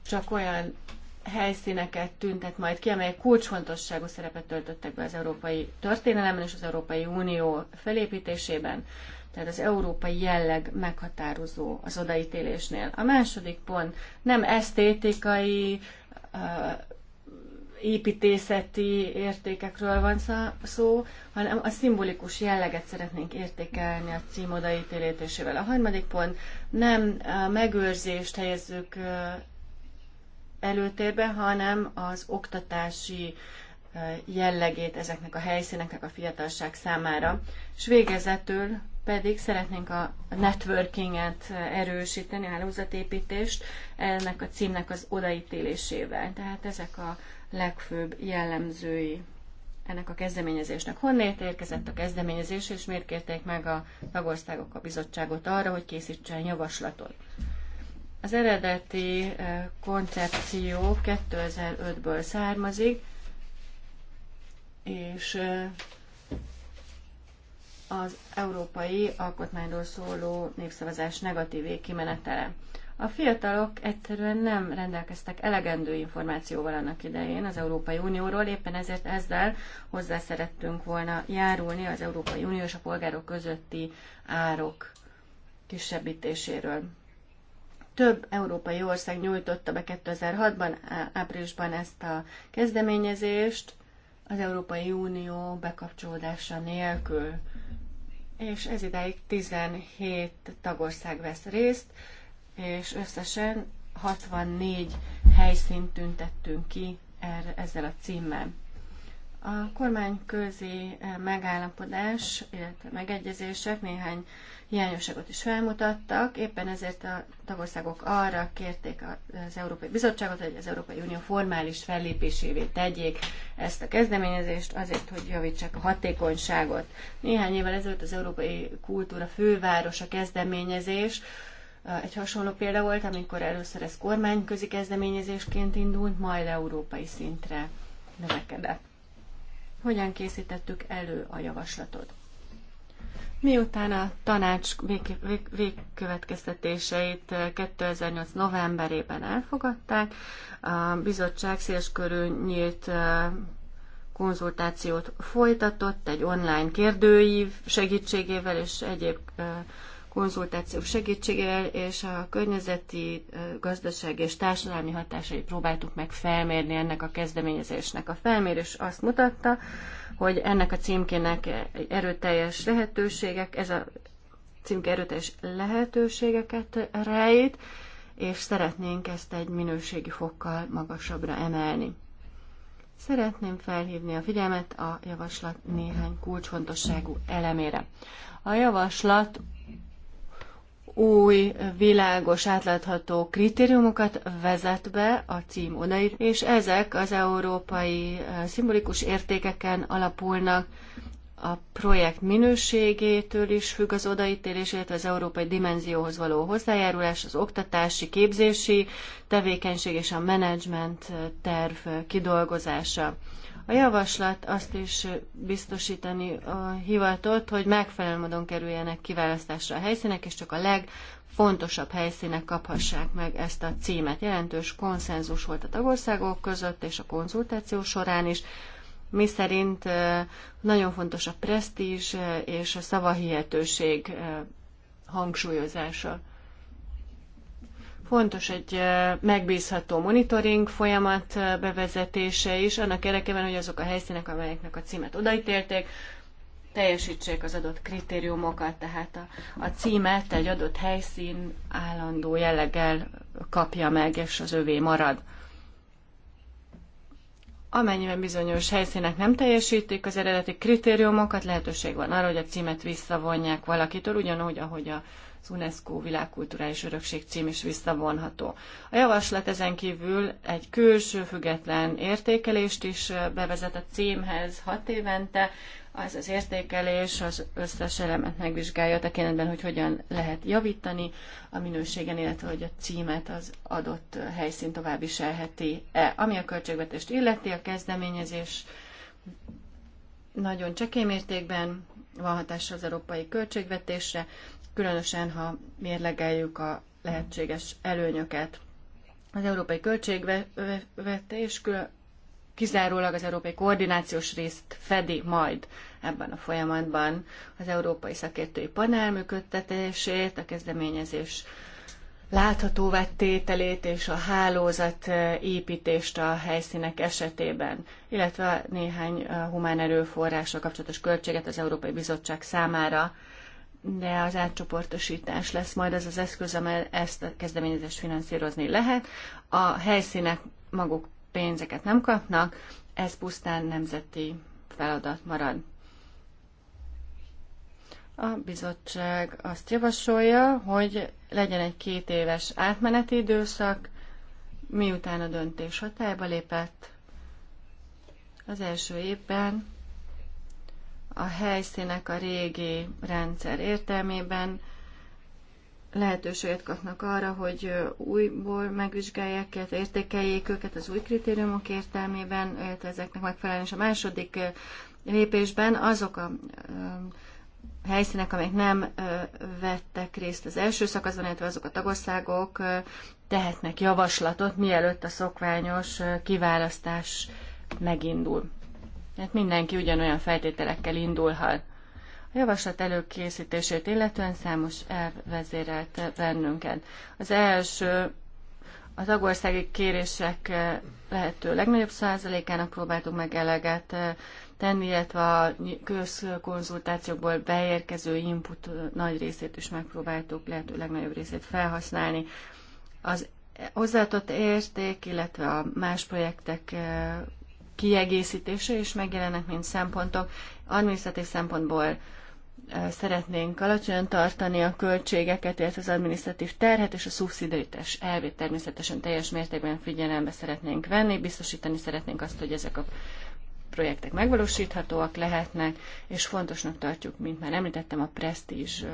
csak olyan helyszíneket tüntet majd ki, amelyek kulcsfontosságú szerepet töltöttek be az európai történelemben és az Európai Unió felépítésében. Tehát az európai jelleg meghatározó az odaítélésnél. A második pont nem esztétikai, építészeti értékekről van szó, hanem a szimbolikus jelleget szeretnénk értékelni a cím odaítélésével. A harmadik pont nem a megőrzést helyezzük előtérbe, hanem az oktatási jellegét ezeknek a helyszíneknek a fiatalság számára. És végezetül pedig szeretnénk a networkinget erősíteni, a hálózatépítést ennek a címnek az odaítélésével. Tehát ezek a legfőbb jellemzői ennek a kezdeményezésnek. Honnét érkezett a kezdeményezés, és miért kérték meg a tagországok a bizottságot arra, hogy készítsen javaslatot? Az eredeti eh, koncepció 2005-ből származik, és eh, az európai alkotmányról szóló népszavazás negatív kimenetele. A fiatalok egyszerűen nem rendelkeztek elegendő információval annak idején az Európai Unióról, éppen ezért ezzel hozzá szerettünk volna járulni az Európai Unió és a polgárok közötti árok kisebbítéséről. Több európai ország nyújtotta be 2006-ban, áprilisban ezt a kezdeményezést az Európai Unió bekapcsolódása nélkül és ez ideig 17 tagország vesz részt, és összesen 64 helyszínt tüntettünk ki erre, ezzel a címmel. A kormányközi eh, megállapodás, illetve megegyezések néhány hiányosságot is felmutattak, éppen ezért a tagországok arra kérték az Európai Bizottságot, hogy az Európai Unió formális fellépésévé tegyék ezt a kezdeményezést azért, hogy javítsák a hatékonyságot. Néhány évvel ezelőtt az Európai Kultúra Fővárosa kezdeményezés, egy hasonló példa volt, amikor először ez kormányközi kezdeményezésként indult, majd európai szintre növekedett. Hogyan készítettük elő a javaslatot? Miután a tanács vég, vég, végkövetkeztetéseit 2008. novemberében elfogadták, a bizottság szélskörű nyílt konzultációt folytatott egy online kérdőív segítségével és egyéb konzultáció segítségével és a környezeti, gazdasági és társadalmi hatásai próbáltuk meg felmérni ennek a kezdeményezésnek. A felmérés azt mutatta, hogy ennek a címkének erőteljes lehetőségek, ez a címke erőteljes lehetőségeket rejt, és szeretnénk ezt egy minőségi fokkal magasabbra emelni. Szeretném felhívni a figyelmet a javaslat néhány kulcsfontosságú elemére. A javaslat új, világos, átlátható kritériumokat vezet be a cím odaír, és ezek az európai szimbolikus értékeken alapulnak, a projekt minőségétől is függ az odaítélés, illetve az európai dimenzióhoz való hozzájárulás, az oktatási, képzési tevékenység és a menedzsment terv kidolgozása. A javaslat azt is biztosítani a hivatott, hogy megfelelő módon kerüljenek kiválasztásra a helyszínek, és csak a legfontosabb helyszínek kaphassák meg ezt a címet. Jelentős konszenzus volt a tagországok között és a konzultáció során is, mi szerint nagyon fontos a presztízs és a szavahihetőség hangsúlyozása. Fontos egy megbízható monitoring folyamat bevezetése is, annak érdekében, hogy azok a helyszínek, amelyeknek a címet odaítélték, teljesítsék az adott kritériumokat, tehát a, a címet egy adott helyszín állandó jelleggel kapja meg, és az övé marad. Amennyiben bizonyos helyszínek nem teljesítik az eredeti kritériumokat, lehetőség van arra, hogy a címet visszavonják valakitől, ugyanúgy, ahogy a az UNESCO világkulturális örökség cím is visszavonható. A javaslat ezen kívül egy külső független értékelést is bevezet a címhez hat évente, az az értékelés az összes elemet megvizsgálja tekintetben, hogy hogyan lehet javítani a minőségen, illetve hogy a címet az adott helyszín tovább viselheti-e. Ami a költségvetést illeti, a kezdeményezés nagyon csekély mértékben van hatása az európai költségvetésre, különösen ha mérlegeljük a lehetséges előnyöket. Az európai költségvetés kizárólag az európai koordinációs részt fedi majd ebben a folyamatban az európai szakértői panel működtetését, a kezdeményezés láthatóvá tételét és a hálózat építést a helyszínek esetében, illetve néhány humán erőforrással kapcsolatos költséget az Európai Bizottság számára de az átcsoportosítás lesz majd az az eszköz, amely ezt a kezdeményezést finanszírozni lehet. A helyszínek maguk pénzeket nem kapnak, ez pusztán nemzeti feladat marad. A bizottság azt javasolja, hogy legyen egy két éves átmeneti időszak, miután a döntés hatályba lépett. Az első évben a helyszínek a régi rendszer értelmében lehetőséget kapnak arra, hogy újból megvizsgálják, értékeljék őket az új kritériumok értelmében, illetve ezeknek megfelelően. És a második lépésben azok a helyszínek, amelyek nem vettek részt az első szakaszban, illetve azok a tagországok tehetnek javaslatot, mielőtt a szokványos kiválasztás megindul mert mindenki ugyanolyan feltételekkel indulhat. A javaslat előkészítését illetően számos elv vezérelt bennünket. Az első az agországi kérések lehető legnagyobb százalékának próbáltuk meg eleget tenni, illetve a közkonzultációkból beérkező input nagy részét is megpróbáltuk lehető legnagyobb részét felhasználni. Az hozzáadott érték, illetve a más projektek kiegészítése is megjelennek, mint szempontok. Adminisztratív szempontból szeretnénk alacsonyan tartani a költségeket, illetve az administratív terhet és a szubszidaritás elvét természetesen teljes mértékben figyelembe szeretnénk venni, biztosítani szeretnénk azt, hogy ezek a projektek megvalósíthatóak lehetnek, és fontosnak tartjuk, mint már említettem, a presztízs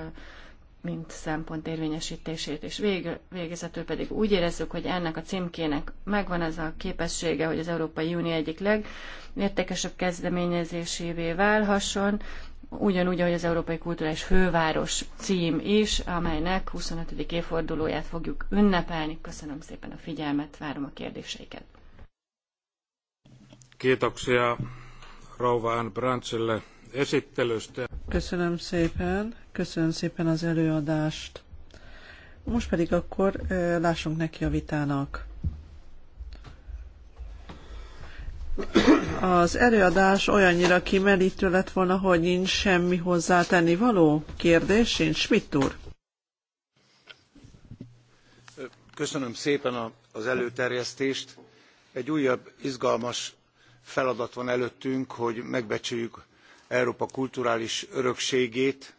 mint szempont érvényesítését, és vég végezetül pedig úgy érezzük, hogy ennek a címkének megvan ez a képessége, hogy az Európai Unió egyik legértékesebb kezdeményezésévé válhasson, ugyanúgy, ahogy az Európai Kulturális Főváros cím is, amelynek 25. évfordulóját fogjuk ünnepelni. Köszönöm szépen a figyelmet, várom a kérdéseiket. Kiitoksia Rauva Ann Köszönöm szépen, köszönöm szépen az előadást. Most pedig akkor lássunk neki a vitának. Az előadás olyannyira kimerítő lett volna, hogy nincs semmi hozzátenni való? Kérdés sincs. Mit úr? Köszönöm szépen az előterjesztést. Egy újabb izgalmas feladat van előttünk, hogy megbecsüljük Európa kulturális örökségét.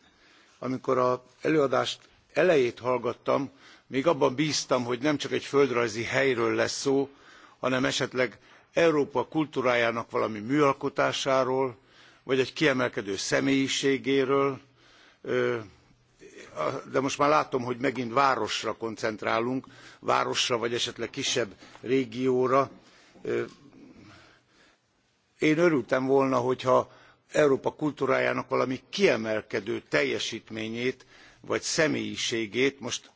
Amikor az előadást elejét hallgattam, még abban bíztam, hogy nem csak egy földrajzi helyről lesz szó, hanem esetleg Európa kultúrájának valami műalkotásáról, vagy egy kiemelkedő személyiségéről, de most már látom, hogy megint városra koncentrálunk, városra vagy esetleg kisebb régióra. Én örültem volna, hogyha Európa kultúrájának valami kiemelkedő teljesítményét vagy személyiségét, most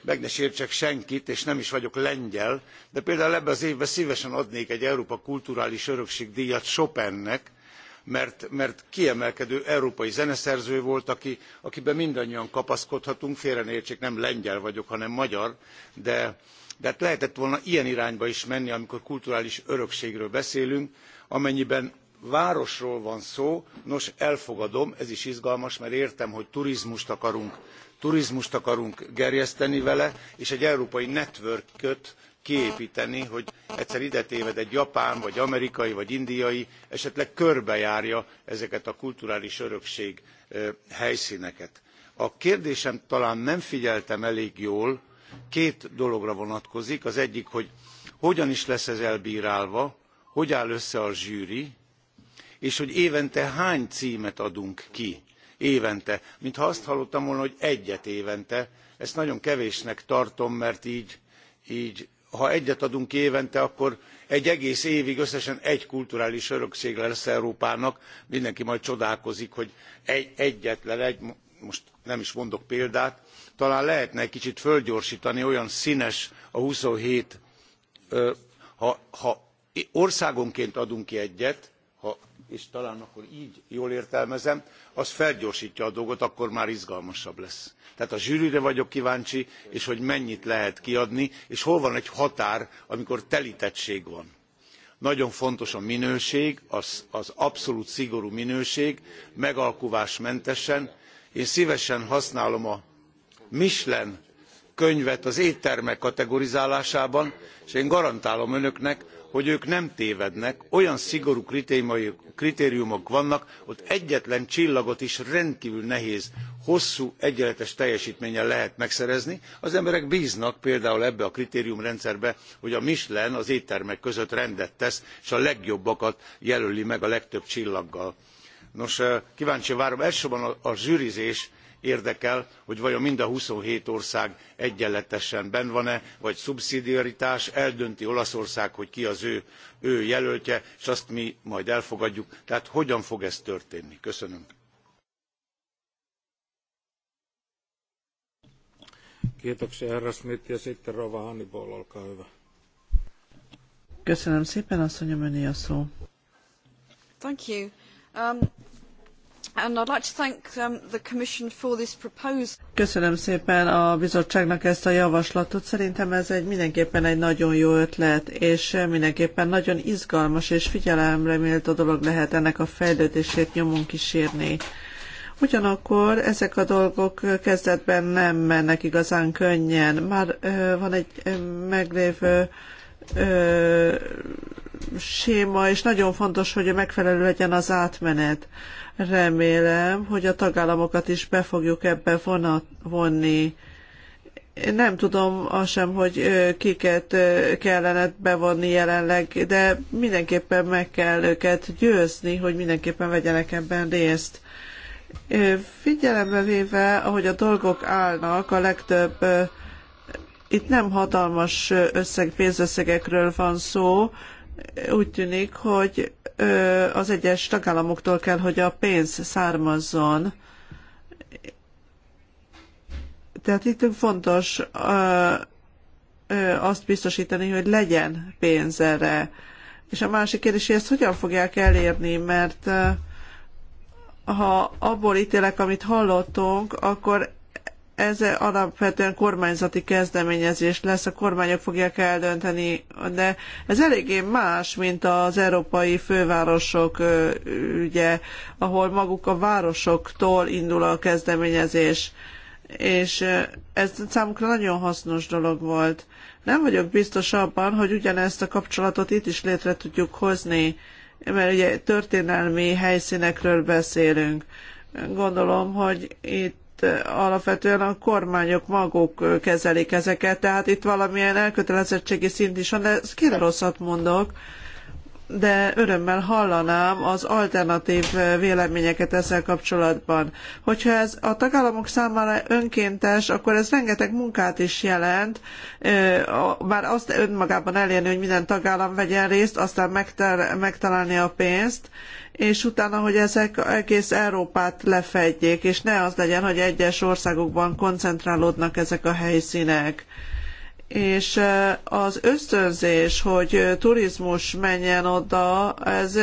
meg ne sértsek senkit, és nem is vagyok lengyel, de például ebben az évben szívesen adnék egy Európa Kulturális Örökség djat Chopinnek, mert, mert kiemelkedő európai zeneszerző volt, aki, akiben mindannyian kapaszkodhatunk, félre ne értsék, nem lengyel vagyok, hanem magyar, de, de hát lehetett volna ilyen irányba is menni, amikor kulturális örökségről beszélünk, amennyiben városról van szó nos elfogadom ez is izgalmas mert értem hogy turizmust akarunk turizmust akarunk gerjeszteni vele és egy európai networköt kiépteni hogy egyszer ide téved egy japán vagy amerikai vagy indiai esetleg körbejárja ezeket a kulturális örökség helyszneket. a kérdésem talán nem figyeltem elég jól két dologra vonatkozik az egyik hogy hogyan is lesz ez elbrálva hogy áll össze a zsűri és hogy évente hány címet adunk ki évente. Mintha azt hallottam volna, hogy egyet évente. Ezt nagyon kevésnek tartom, mert így, így ha egyet adunk ki évente, akkor egy egész évig összesen egy kulturális örökség lesz Európának. Mindenki majd csodálkozik, hogy egy, egyetlen, egy, most nem is mondok példát, talán lehetne egy kicsit fölgyorstani, olyan színes a 27, ha, ha országonként adunk ki egyet, és talán akkor így jól értelmezem az felgyorstja a dolgot akkor már izgalmasabb lesz. tehát a zsűrire vagyok kváncsi és hogy mennyit lehet kiadni és hol van egy határ amikor teltettség van. nagyon fontos a minőség az, az abszolút szigorú minőség megalkuvásmentesen. én szvesen használom a michelin könyvet az éttermek kategorizálásában és én garantálom önöknek hogy ők nem tévednek olyan szigorú kritériumok vannak ott egyetlen csillagot is rendkvül nehéz hosszú egyenletes teljestménnyel lehet megszerezni az emberek bznak például ebbe a kritériumrendszerbe hogy a michelin az éttermek között rendet tesz és a legjobbakat jelöli meg a legtöbb csillaggal. nos eh, kváncsian várom elsősorban a zsűrizés érdekel hogy vajon mind a twenty seven ország egyenletesen benn van e vagy szubszidiaritás eldönti olaszország hogy ki az ő, jelöltje és azt mi majd elfogadjuk tehát hogyan fog ez történni? köszönöm. Köszönöm szépen, Thank you. Um, Köszönöm szépen a bizottságnak ezt a javaslatot. Szerintem ez egy mindenképpen egy nagyon jó ötlet, és mindenképpen nagyon izgalmas és figyelemre méltó dolog lehet ennek a fejlődését nyomon kísérni. Ugyanakkor ezek a dolgok kezdetben nem mennek igazán könnyen. Már ö, van egy ö, meglévő ö, séma, és nagyon fontos, hogy megfelelő legyen az átmenet. Remélem, hogy a tagállamokat is be fogjuk ebbe vonat, vonni. Én nem tudom azt sem, hogy kiket kellene bevonni jelenleg, de mindenképpen meg kell őket győzni, hogy mindenképpen vegyenek ebben részt. Figyelembe véve, ahogy a dolgok állnak, a legtöbb itt nem hatalmas összeg, pénzösszegekről van szó, úgy tűnik, hogy az egyes tagállamoktól kell, hogy a pénz származzon. Tehát itt fontos azt biztosítani, hogy legyen pénz erre. És a másik kérdés, hogy ezt hogyan fogják elérni, mert ha abból ítélek, amit hallottunk, akkor ez alapvetően kormányzati kezdeményezés lesz, a kormányok fogják eldönteni, de ez eléggé más, mint az európai fővárosok ügye, ahol maguk a városoktól indul a kezdeményezés. És ez számukra nagyon hasznos dolog volt. Nem vagyok biztos abban, hogy ugyanezt a kapcsolatot itt is létre tudjuk hozni, mert ugye történelmi helyszínekről beszélünk. Gondolom, hogy itt alapvetően a kormányok maguk kezelik ezeket, tehát itt valamilyen elkötelezettségi szint is van, de ezt kire rosszat mondok, de örömmel hallanám az alternatív véleményeket ezzel kapcsolatban. Hogyha ez a tagállamok számára önkéntes, akkor ez rengeteg munkát is jelent, már azt önmagában elérni, hogy minden tagállam vegyen részt, aztán megtalálni a pénzt, és utána, hogy ezek egész Európát lefedjék, és ne az legyen, hogy egyes országokban koncentrálódnak ezek a helyszínek és az ösztönzés, hogy turizmus menjen oda, ez,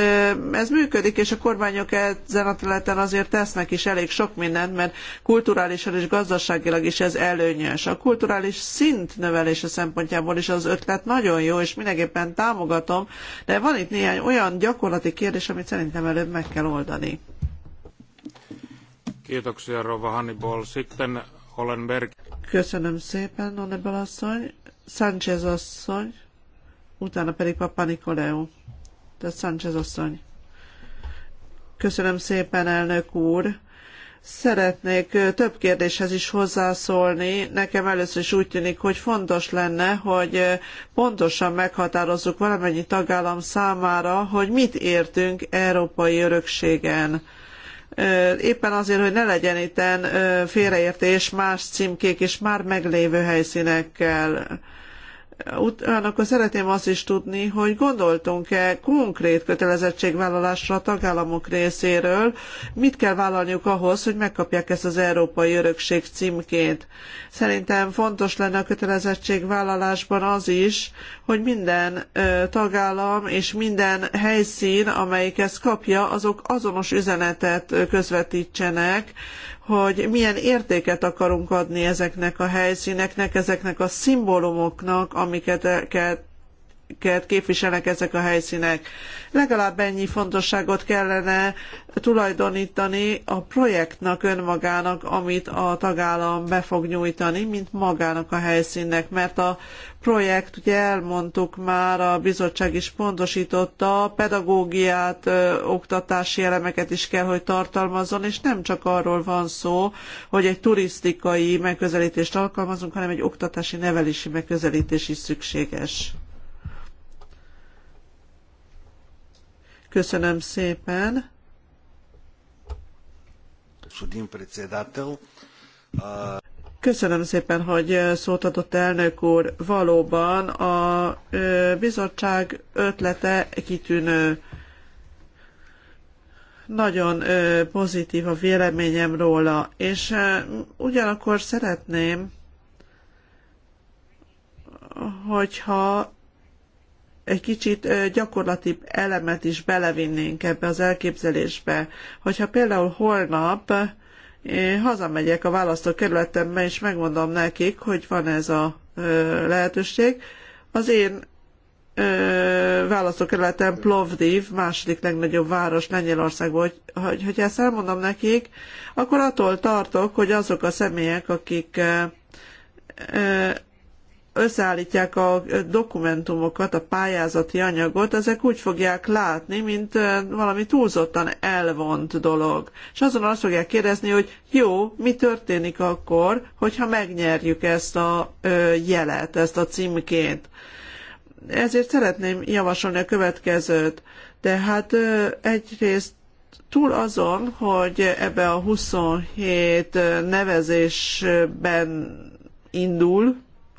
ez működik, és a kormányok ezen a területen azért tesznek is elég sok mindent, mert kulturálisan és gazdaságilag is ez előnyös. A kulturális szint növelése szempontjából is az ötlet nagyon jó, és mindenképpen támogatom, de van itt néhány olyan gyakorlati kérdés, amit szerintem előbb meg kell oldani. Kiitoksia Rova Hannibal. Sitten olen Köszönöm szépen, Nonebel asszony. Sánchez asszony, utána pedig Papa Nikoleu. Tehát Sánchez asszony. Köszönöm szépen, elnök úr. Szeretnék több kérdéshez is hozzászólni. Nekem először is úgy tűnik, hogy fontos lenne, hogy pontosan meghatározzuk valamennyi tagállam számára, hogy mit értünk európai örökségen éppen azért, hogy ne legyen itten félreértés más címkék és már meglévő helyszínekkel Ugyanakkor szeretném azt is tudni, hogy gondoltunk-e konkrét kötelezettségvállalásra a tagállamok részéről, mit kell vállalniuk ahhoz, hogy megkapják ezt az Európai Örökség címként. Szerintem fontos lenne a kötelezettségvállalásban az is, hogy minden tagállam és minden helyszín, amelyik ezt kapja, azok azonos üzenetet közvetítsenek, hogy milyen értéket akarunk adni ezeknek a helyszíneknek, ezeknek a szimbólumoknak, amiket képviselnek ezek a helyszínek. Legalább ennyi fontosságot kellene tulajdonítani a projektnak önmagának, amit a tagállam be fog nyújtani, mint magának a helyszínnek, mert a projekt, ugye elmondtuk már, a bizottság is pontosította, pedagógiát, oktatási elemeket is kell, hogy tartalmazzon, és nem csak arról van szó, hogy egy turisztikai megközelítést alkalmazunk, hanem egy oktatási nevelési megközelítés is szükséges. Köszönöm szépen. Köszönöm szépen, hogy szót adott elnök úr. Valóban a bizottság ötlete kitűnő. Nagyon pozitív a véleményem róla, és ugyanakkor szeretném, hogyha egy kicsit gyakorlati elemet is belevinnénk ebbe az elképzelésbe. Hogyha például holnap én hazamegyek a választókerületembe, és megmondom nekik, hogy van ez a lehetőség, az én választókerületem Plovdiv, második legnagyobb város Lengyelországból, hogy, hogy, hogy ezt elmondom nekik, akkor attól tartok, hogy azok a személyek, akik összeállítják a dokumentumokat, a pályázati anyagot, ezek úgy fogják látni, mint valami túlzottan elvont dolog. És azon azt fogják kérdezni, hogy jó, mi történik akkor, hogyha megnyerjük ezt a jelet, ezt a címkét. Ezért szeretném javasolni a következőt. Tehát egyrészt túl azon, hogy ebbe a 27 nevezésben indul,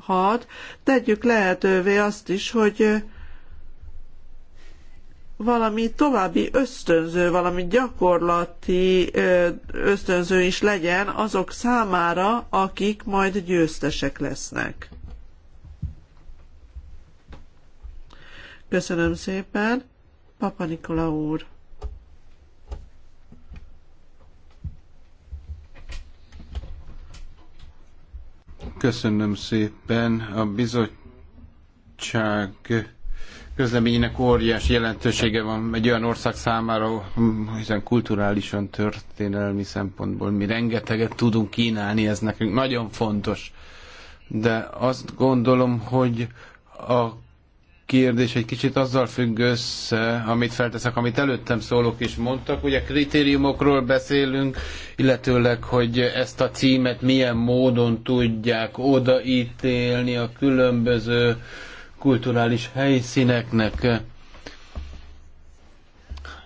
hat, tegyük lehetővé azt is, hogy valami további ösztönző, valami gyakorlati ösztönző is legyen azok számára, akik majd győztesek lesznek. Köszönöm szépen, Papa Nikola úr. Köszönöm szépen. A bizottság közleményének óriás jelentősége van egy olyan ország számára, hiszen kulturálisan, történelmi szempontból mi rengeteget tudunk kínálni, ez nekünk nagyon fontos. De azt gondolom, hogy a kérdés egy kicsit azzal függ össze, amit felteszek, amit előttem szólók is mondtak. Ugye kritériumokról beszélünk, illetőleg, hogy ezt a címet milyen módon tudják odaítélni a különböző kulturális helyszíneknek.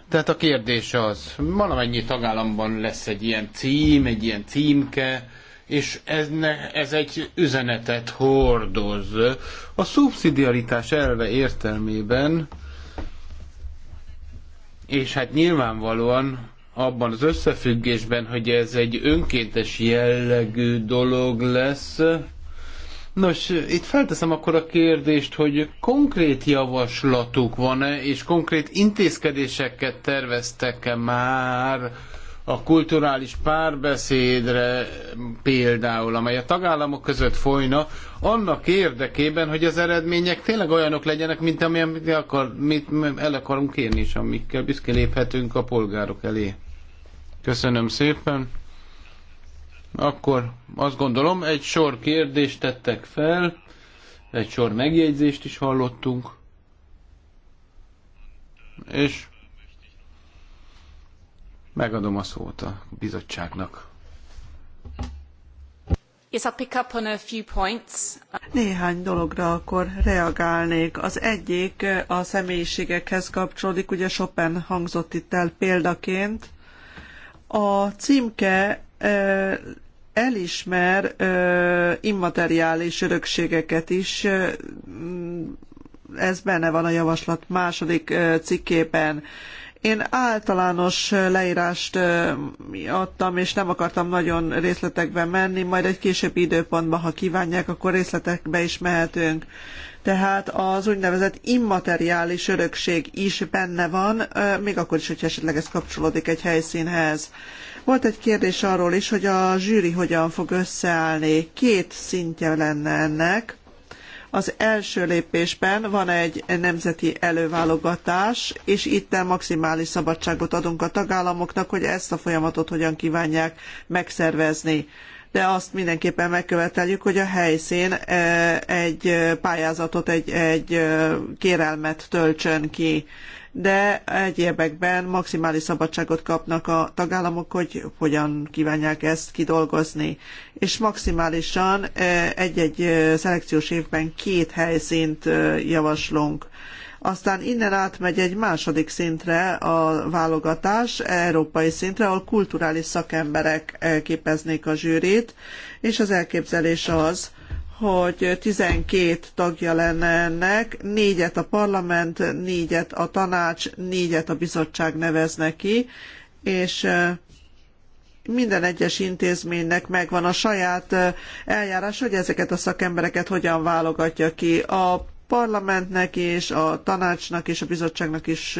Tehát a kérdés az, valamennyi tagállamban lesz egy ilyen cím, egy ilyen címke, és ez, ne, ez egy üzenetet hordoz. A szubszidiaritás elve értelmében, és hát nyilvánvalóan abban az összefüggésben, hogy ez egy önkéntes jellegű dolog lesz, Nos, itt felteszem akkor a kérdést, hogy konkrét javaslatuk van-e, és konkrét intézkedéseket terveztek-e már a kulturális párbeszédre például, amely a tagállamok között folyna, annak érdekében, hogy az eredmények tényleg olyanok legyenek, mint amit akar, mit el akarunk érni, és amikkel büszke léphetünk a polgárok elé. Köszönöm szépen. Akkor azt gondolom, egy sor kérdést tettek fel, egy sor megjegyzést is hallottunk, és Megadom a szót a bizottságnak. Yes, I'll pick up on a few points. Néhány dologra akkor reagálnék. Az egyik a személyiségekhez kapcsolódik, ugye Chopin hangzott itt el példaként. A címke elismer immateriális örökségeket is, ez benne van a javaslat második cikkében. Én általános leírást adtam, és nem akartam nagyon részletekbe menni, majd egy későbbi időpontban, ha kívánják, akkor részletekbe is mehetünk. Tehát az úgynevezett immateriális örökség is benne van, még akkor is, hogyha esetleg ez kapcsolódik egy helyszínhez. Volt egy kérdés arról is, hogy a zsűri hogyan fog összeállni. Két szintje lenne ennek az első lépésben van egy nemzeti előválogatás, és itt maximális szabadságot adunk a tagállamoknak, hogy ezt a folyamatot hogyan kívánják megszervezni de azt mindenképpen megköveteljük, hogy a helyszín eh, egy pályázatot, egy, egy eh, kérelmet töltsön ki de egyébekben maximális szabadságot kapnak a tagállamok, hogy hogyan kívánják ezt kidolgozni. És maximálisan egy-egy szelekciós évben két helyszínt javaslunk. Aztán innen átmegy egy második szintre a válogatás, európai szintre, ahol kulturális szakemberek képeznék a zsűrit, és az elképzelés az, hogy 12 tagja lenne ennek, négyet a parlament, négyet a tanács, négyet a bizottság nevez neki, és minden egyes intézménynek megvan a saját eljárás, hogy ezeket a szakembereket hogyan válogatja ki. A parlamentnek és a tanácsnak és a bizottságnak is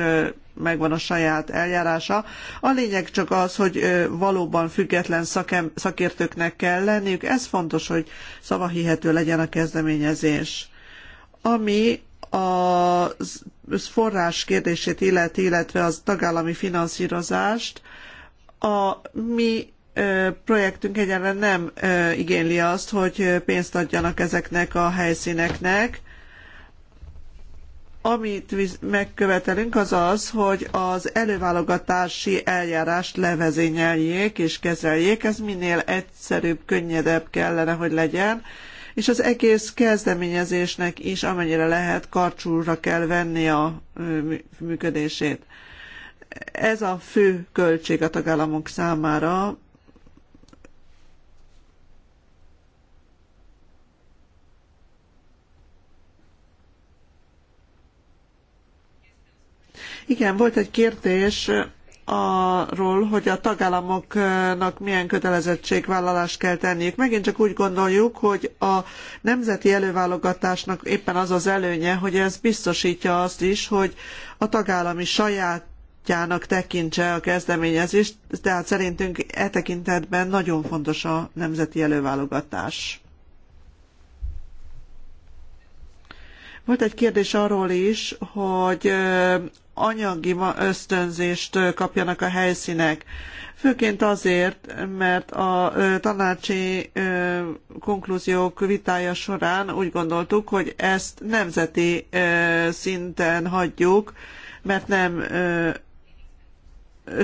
megvan a saját eljárása. A lényeg csak az, hogy valóban független szakem, szakértőknek kell lenniük. Ez fontos, hogy szavahihető legyen a kezdeményezés. Ami a forrás kérdését illeti, illetve az tagállami finanszírozást, a mi projektünk egyenlően nem igényli azt, hogy pénzt adjanak ezeknek a helyszíneknek, amit megkövetelünk az az, hogy az előválogatási eljárást levezényeljék és kezeljék. Ez minél egyszerűbb, könnyedebb kellene, hogy legyen és az egész kezdeményezésnek is amennyire lehet karcsúra kell venni a működését. Ez a fő költség a tagállamok számára, Igen, volt egy kérdés eh, arról, hogy a tagállamoknak milyen kötelezettségvállalást kell tenniük. Megint csak úgy gondoljuk, hogy a nemzeti előválogatásnak éppen az az előnye, hogy ez biztosítja azt is, hogy a tagállami saját tekintse a kezdeményezést, tehát szerintünk e tekintetben nagyon fontos a nemzeti előválogatás. Volt egy kérdés arról is, hogy eh, anyagi ösztönzést kapjanak a helyszínek. Főként azért, mert a tanácsi konklúziók vitája során úgy gondoltuk, hogy ezt nemzeti szinten hagyjuk, mert nem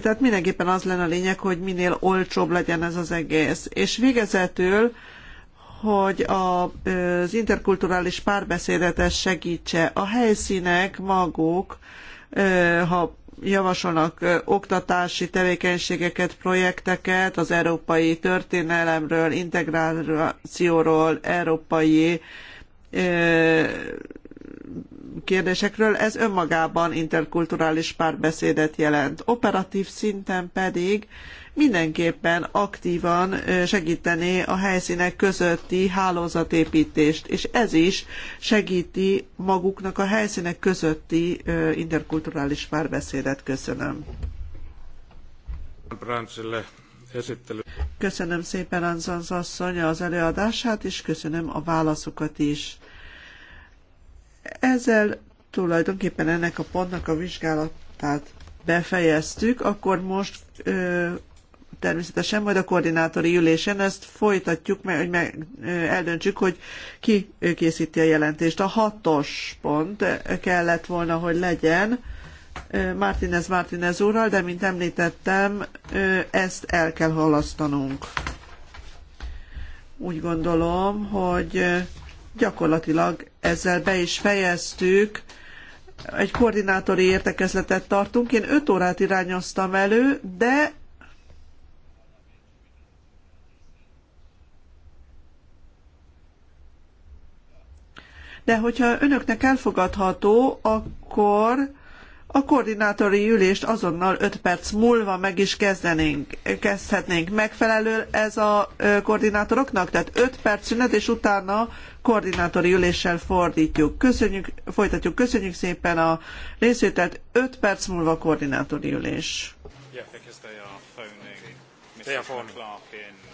tehát mindenképpen az lenne a lényeg, hogy minél olcsóbb legyen ez az egész. És végezetül, hogy a, az interkulturális párbeszédet ez segítse. A helyszínek maguk ha javasolnak oktatási tevékenységeket, projekteket az európai történelemről, integrációról, európai kérdésekről, ez önmagában interkulturális párbeszédet jelent. Operatív szinten pedig mindenképpen aktívan segítené a helyszínek közötti hálózatépítést, és ez is segíti maguknak a helyszínek közötti interkulturális párbeszédet. Köszönöm. Köszönöm szépen Anzanz asszony az előadását, és köszönöm a válaszokat is. Ezzel tulajdonképpen ennek a pontnak a vizsgálatát befejeztük, akkor most ö, természetesen majd a koordinátori ülésen ezt folytatjuk, mert hogy meg, eldöntsük, hogy ki készíti a jelentést. A hatos pont kellett volna, hogy legyen Martinez Martinez úrral, de mint említettem, ezt el kell halasztanunk. Úgy gondolom, hogy gyakorlatilag ezzel be is fejeztük, egy koordinátori értekezletet tartunk. Én 5 órát irányoztam elő, de de hogyha önöknek elfogadható, akkor a koordinátori ülést azonnal 5 perc múlva meg is kezdenénk, kezdhetnénk. Megfelelő ez a koordinátoroknak? Tehát 5 perc szünet, és utána koordinátori üléssel fordítjuk. Köszönjük, folytatjuk. Köszönjük szépen a részvételt. 5 perc múlva koordinátori ülés. Yeah,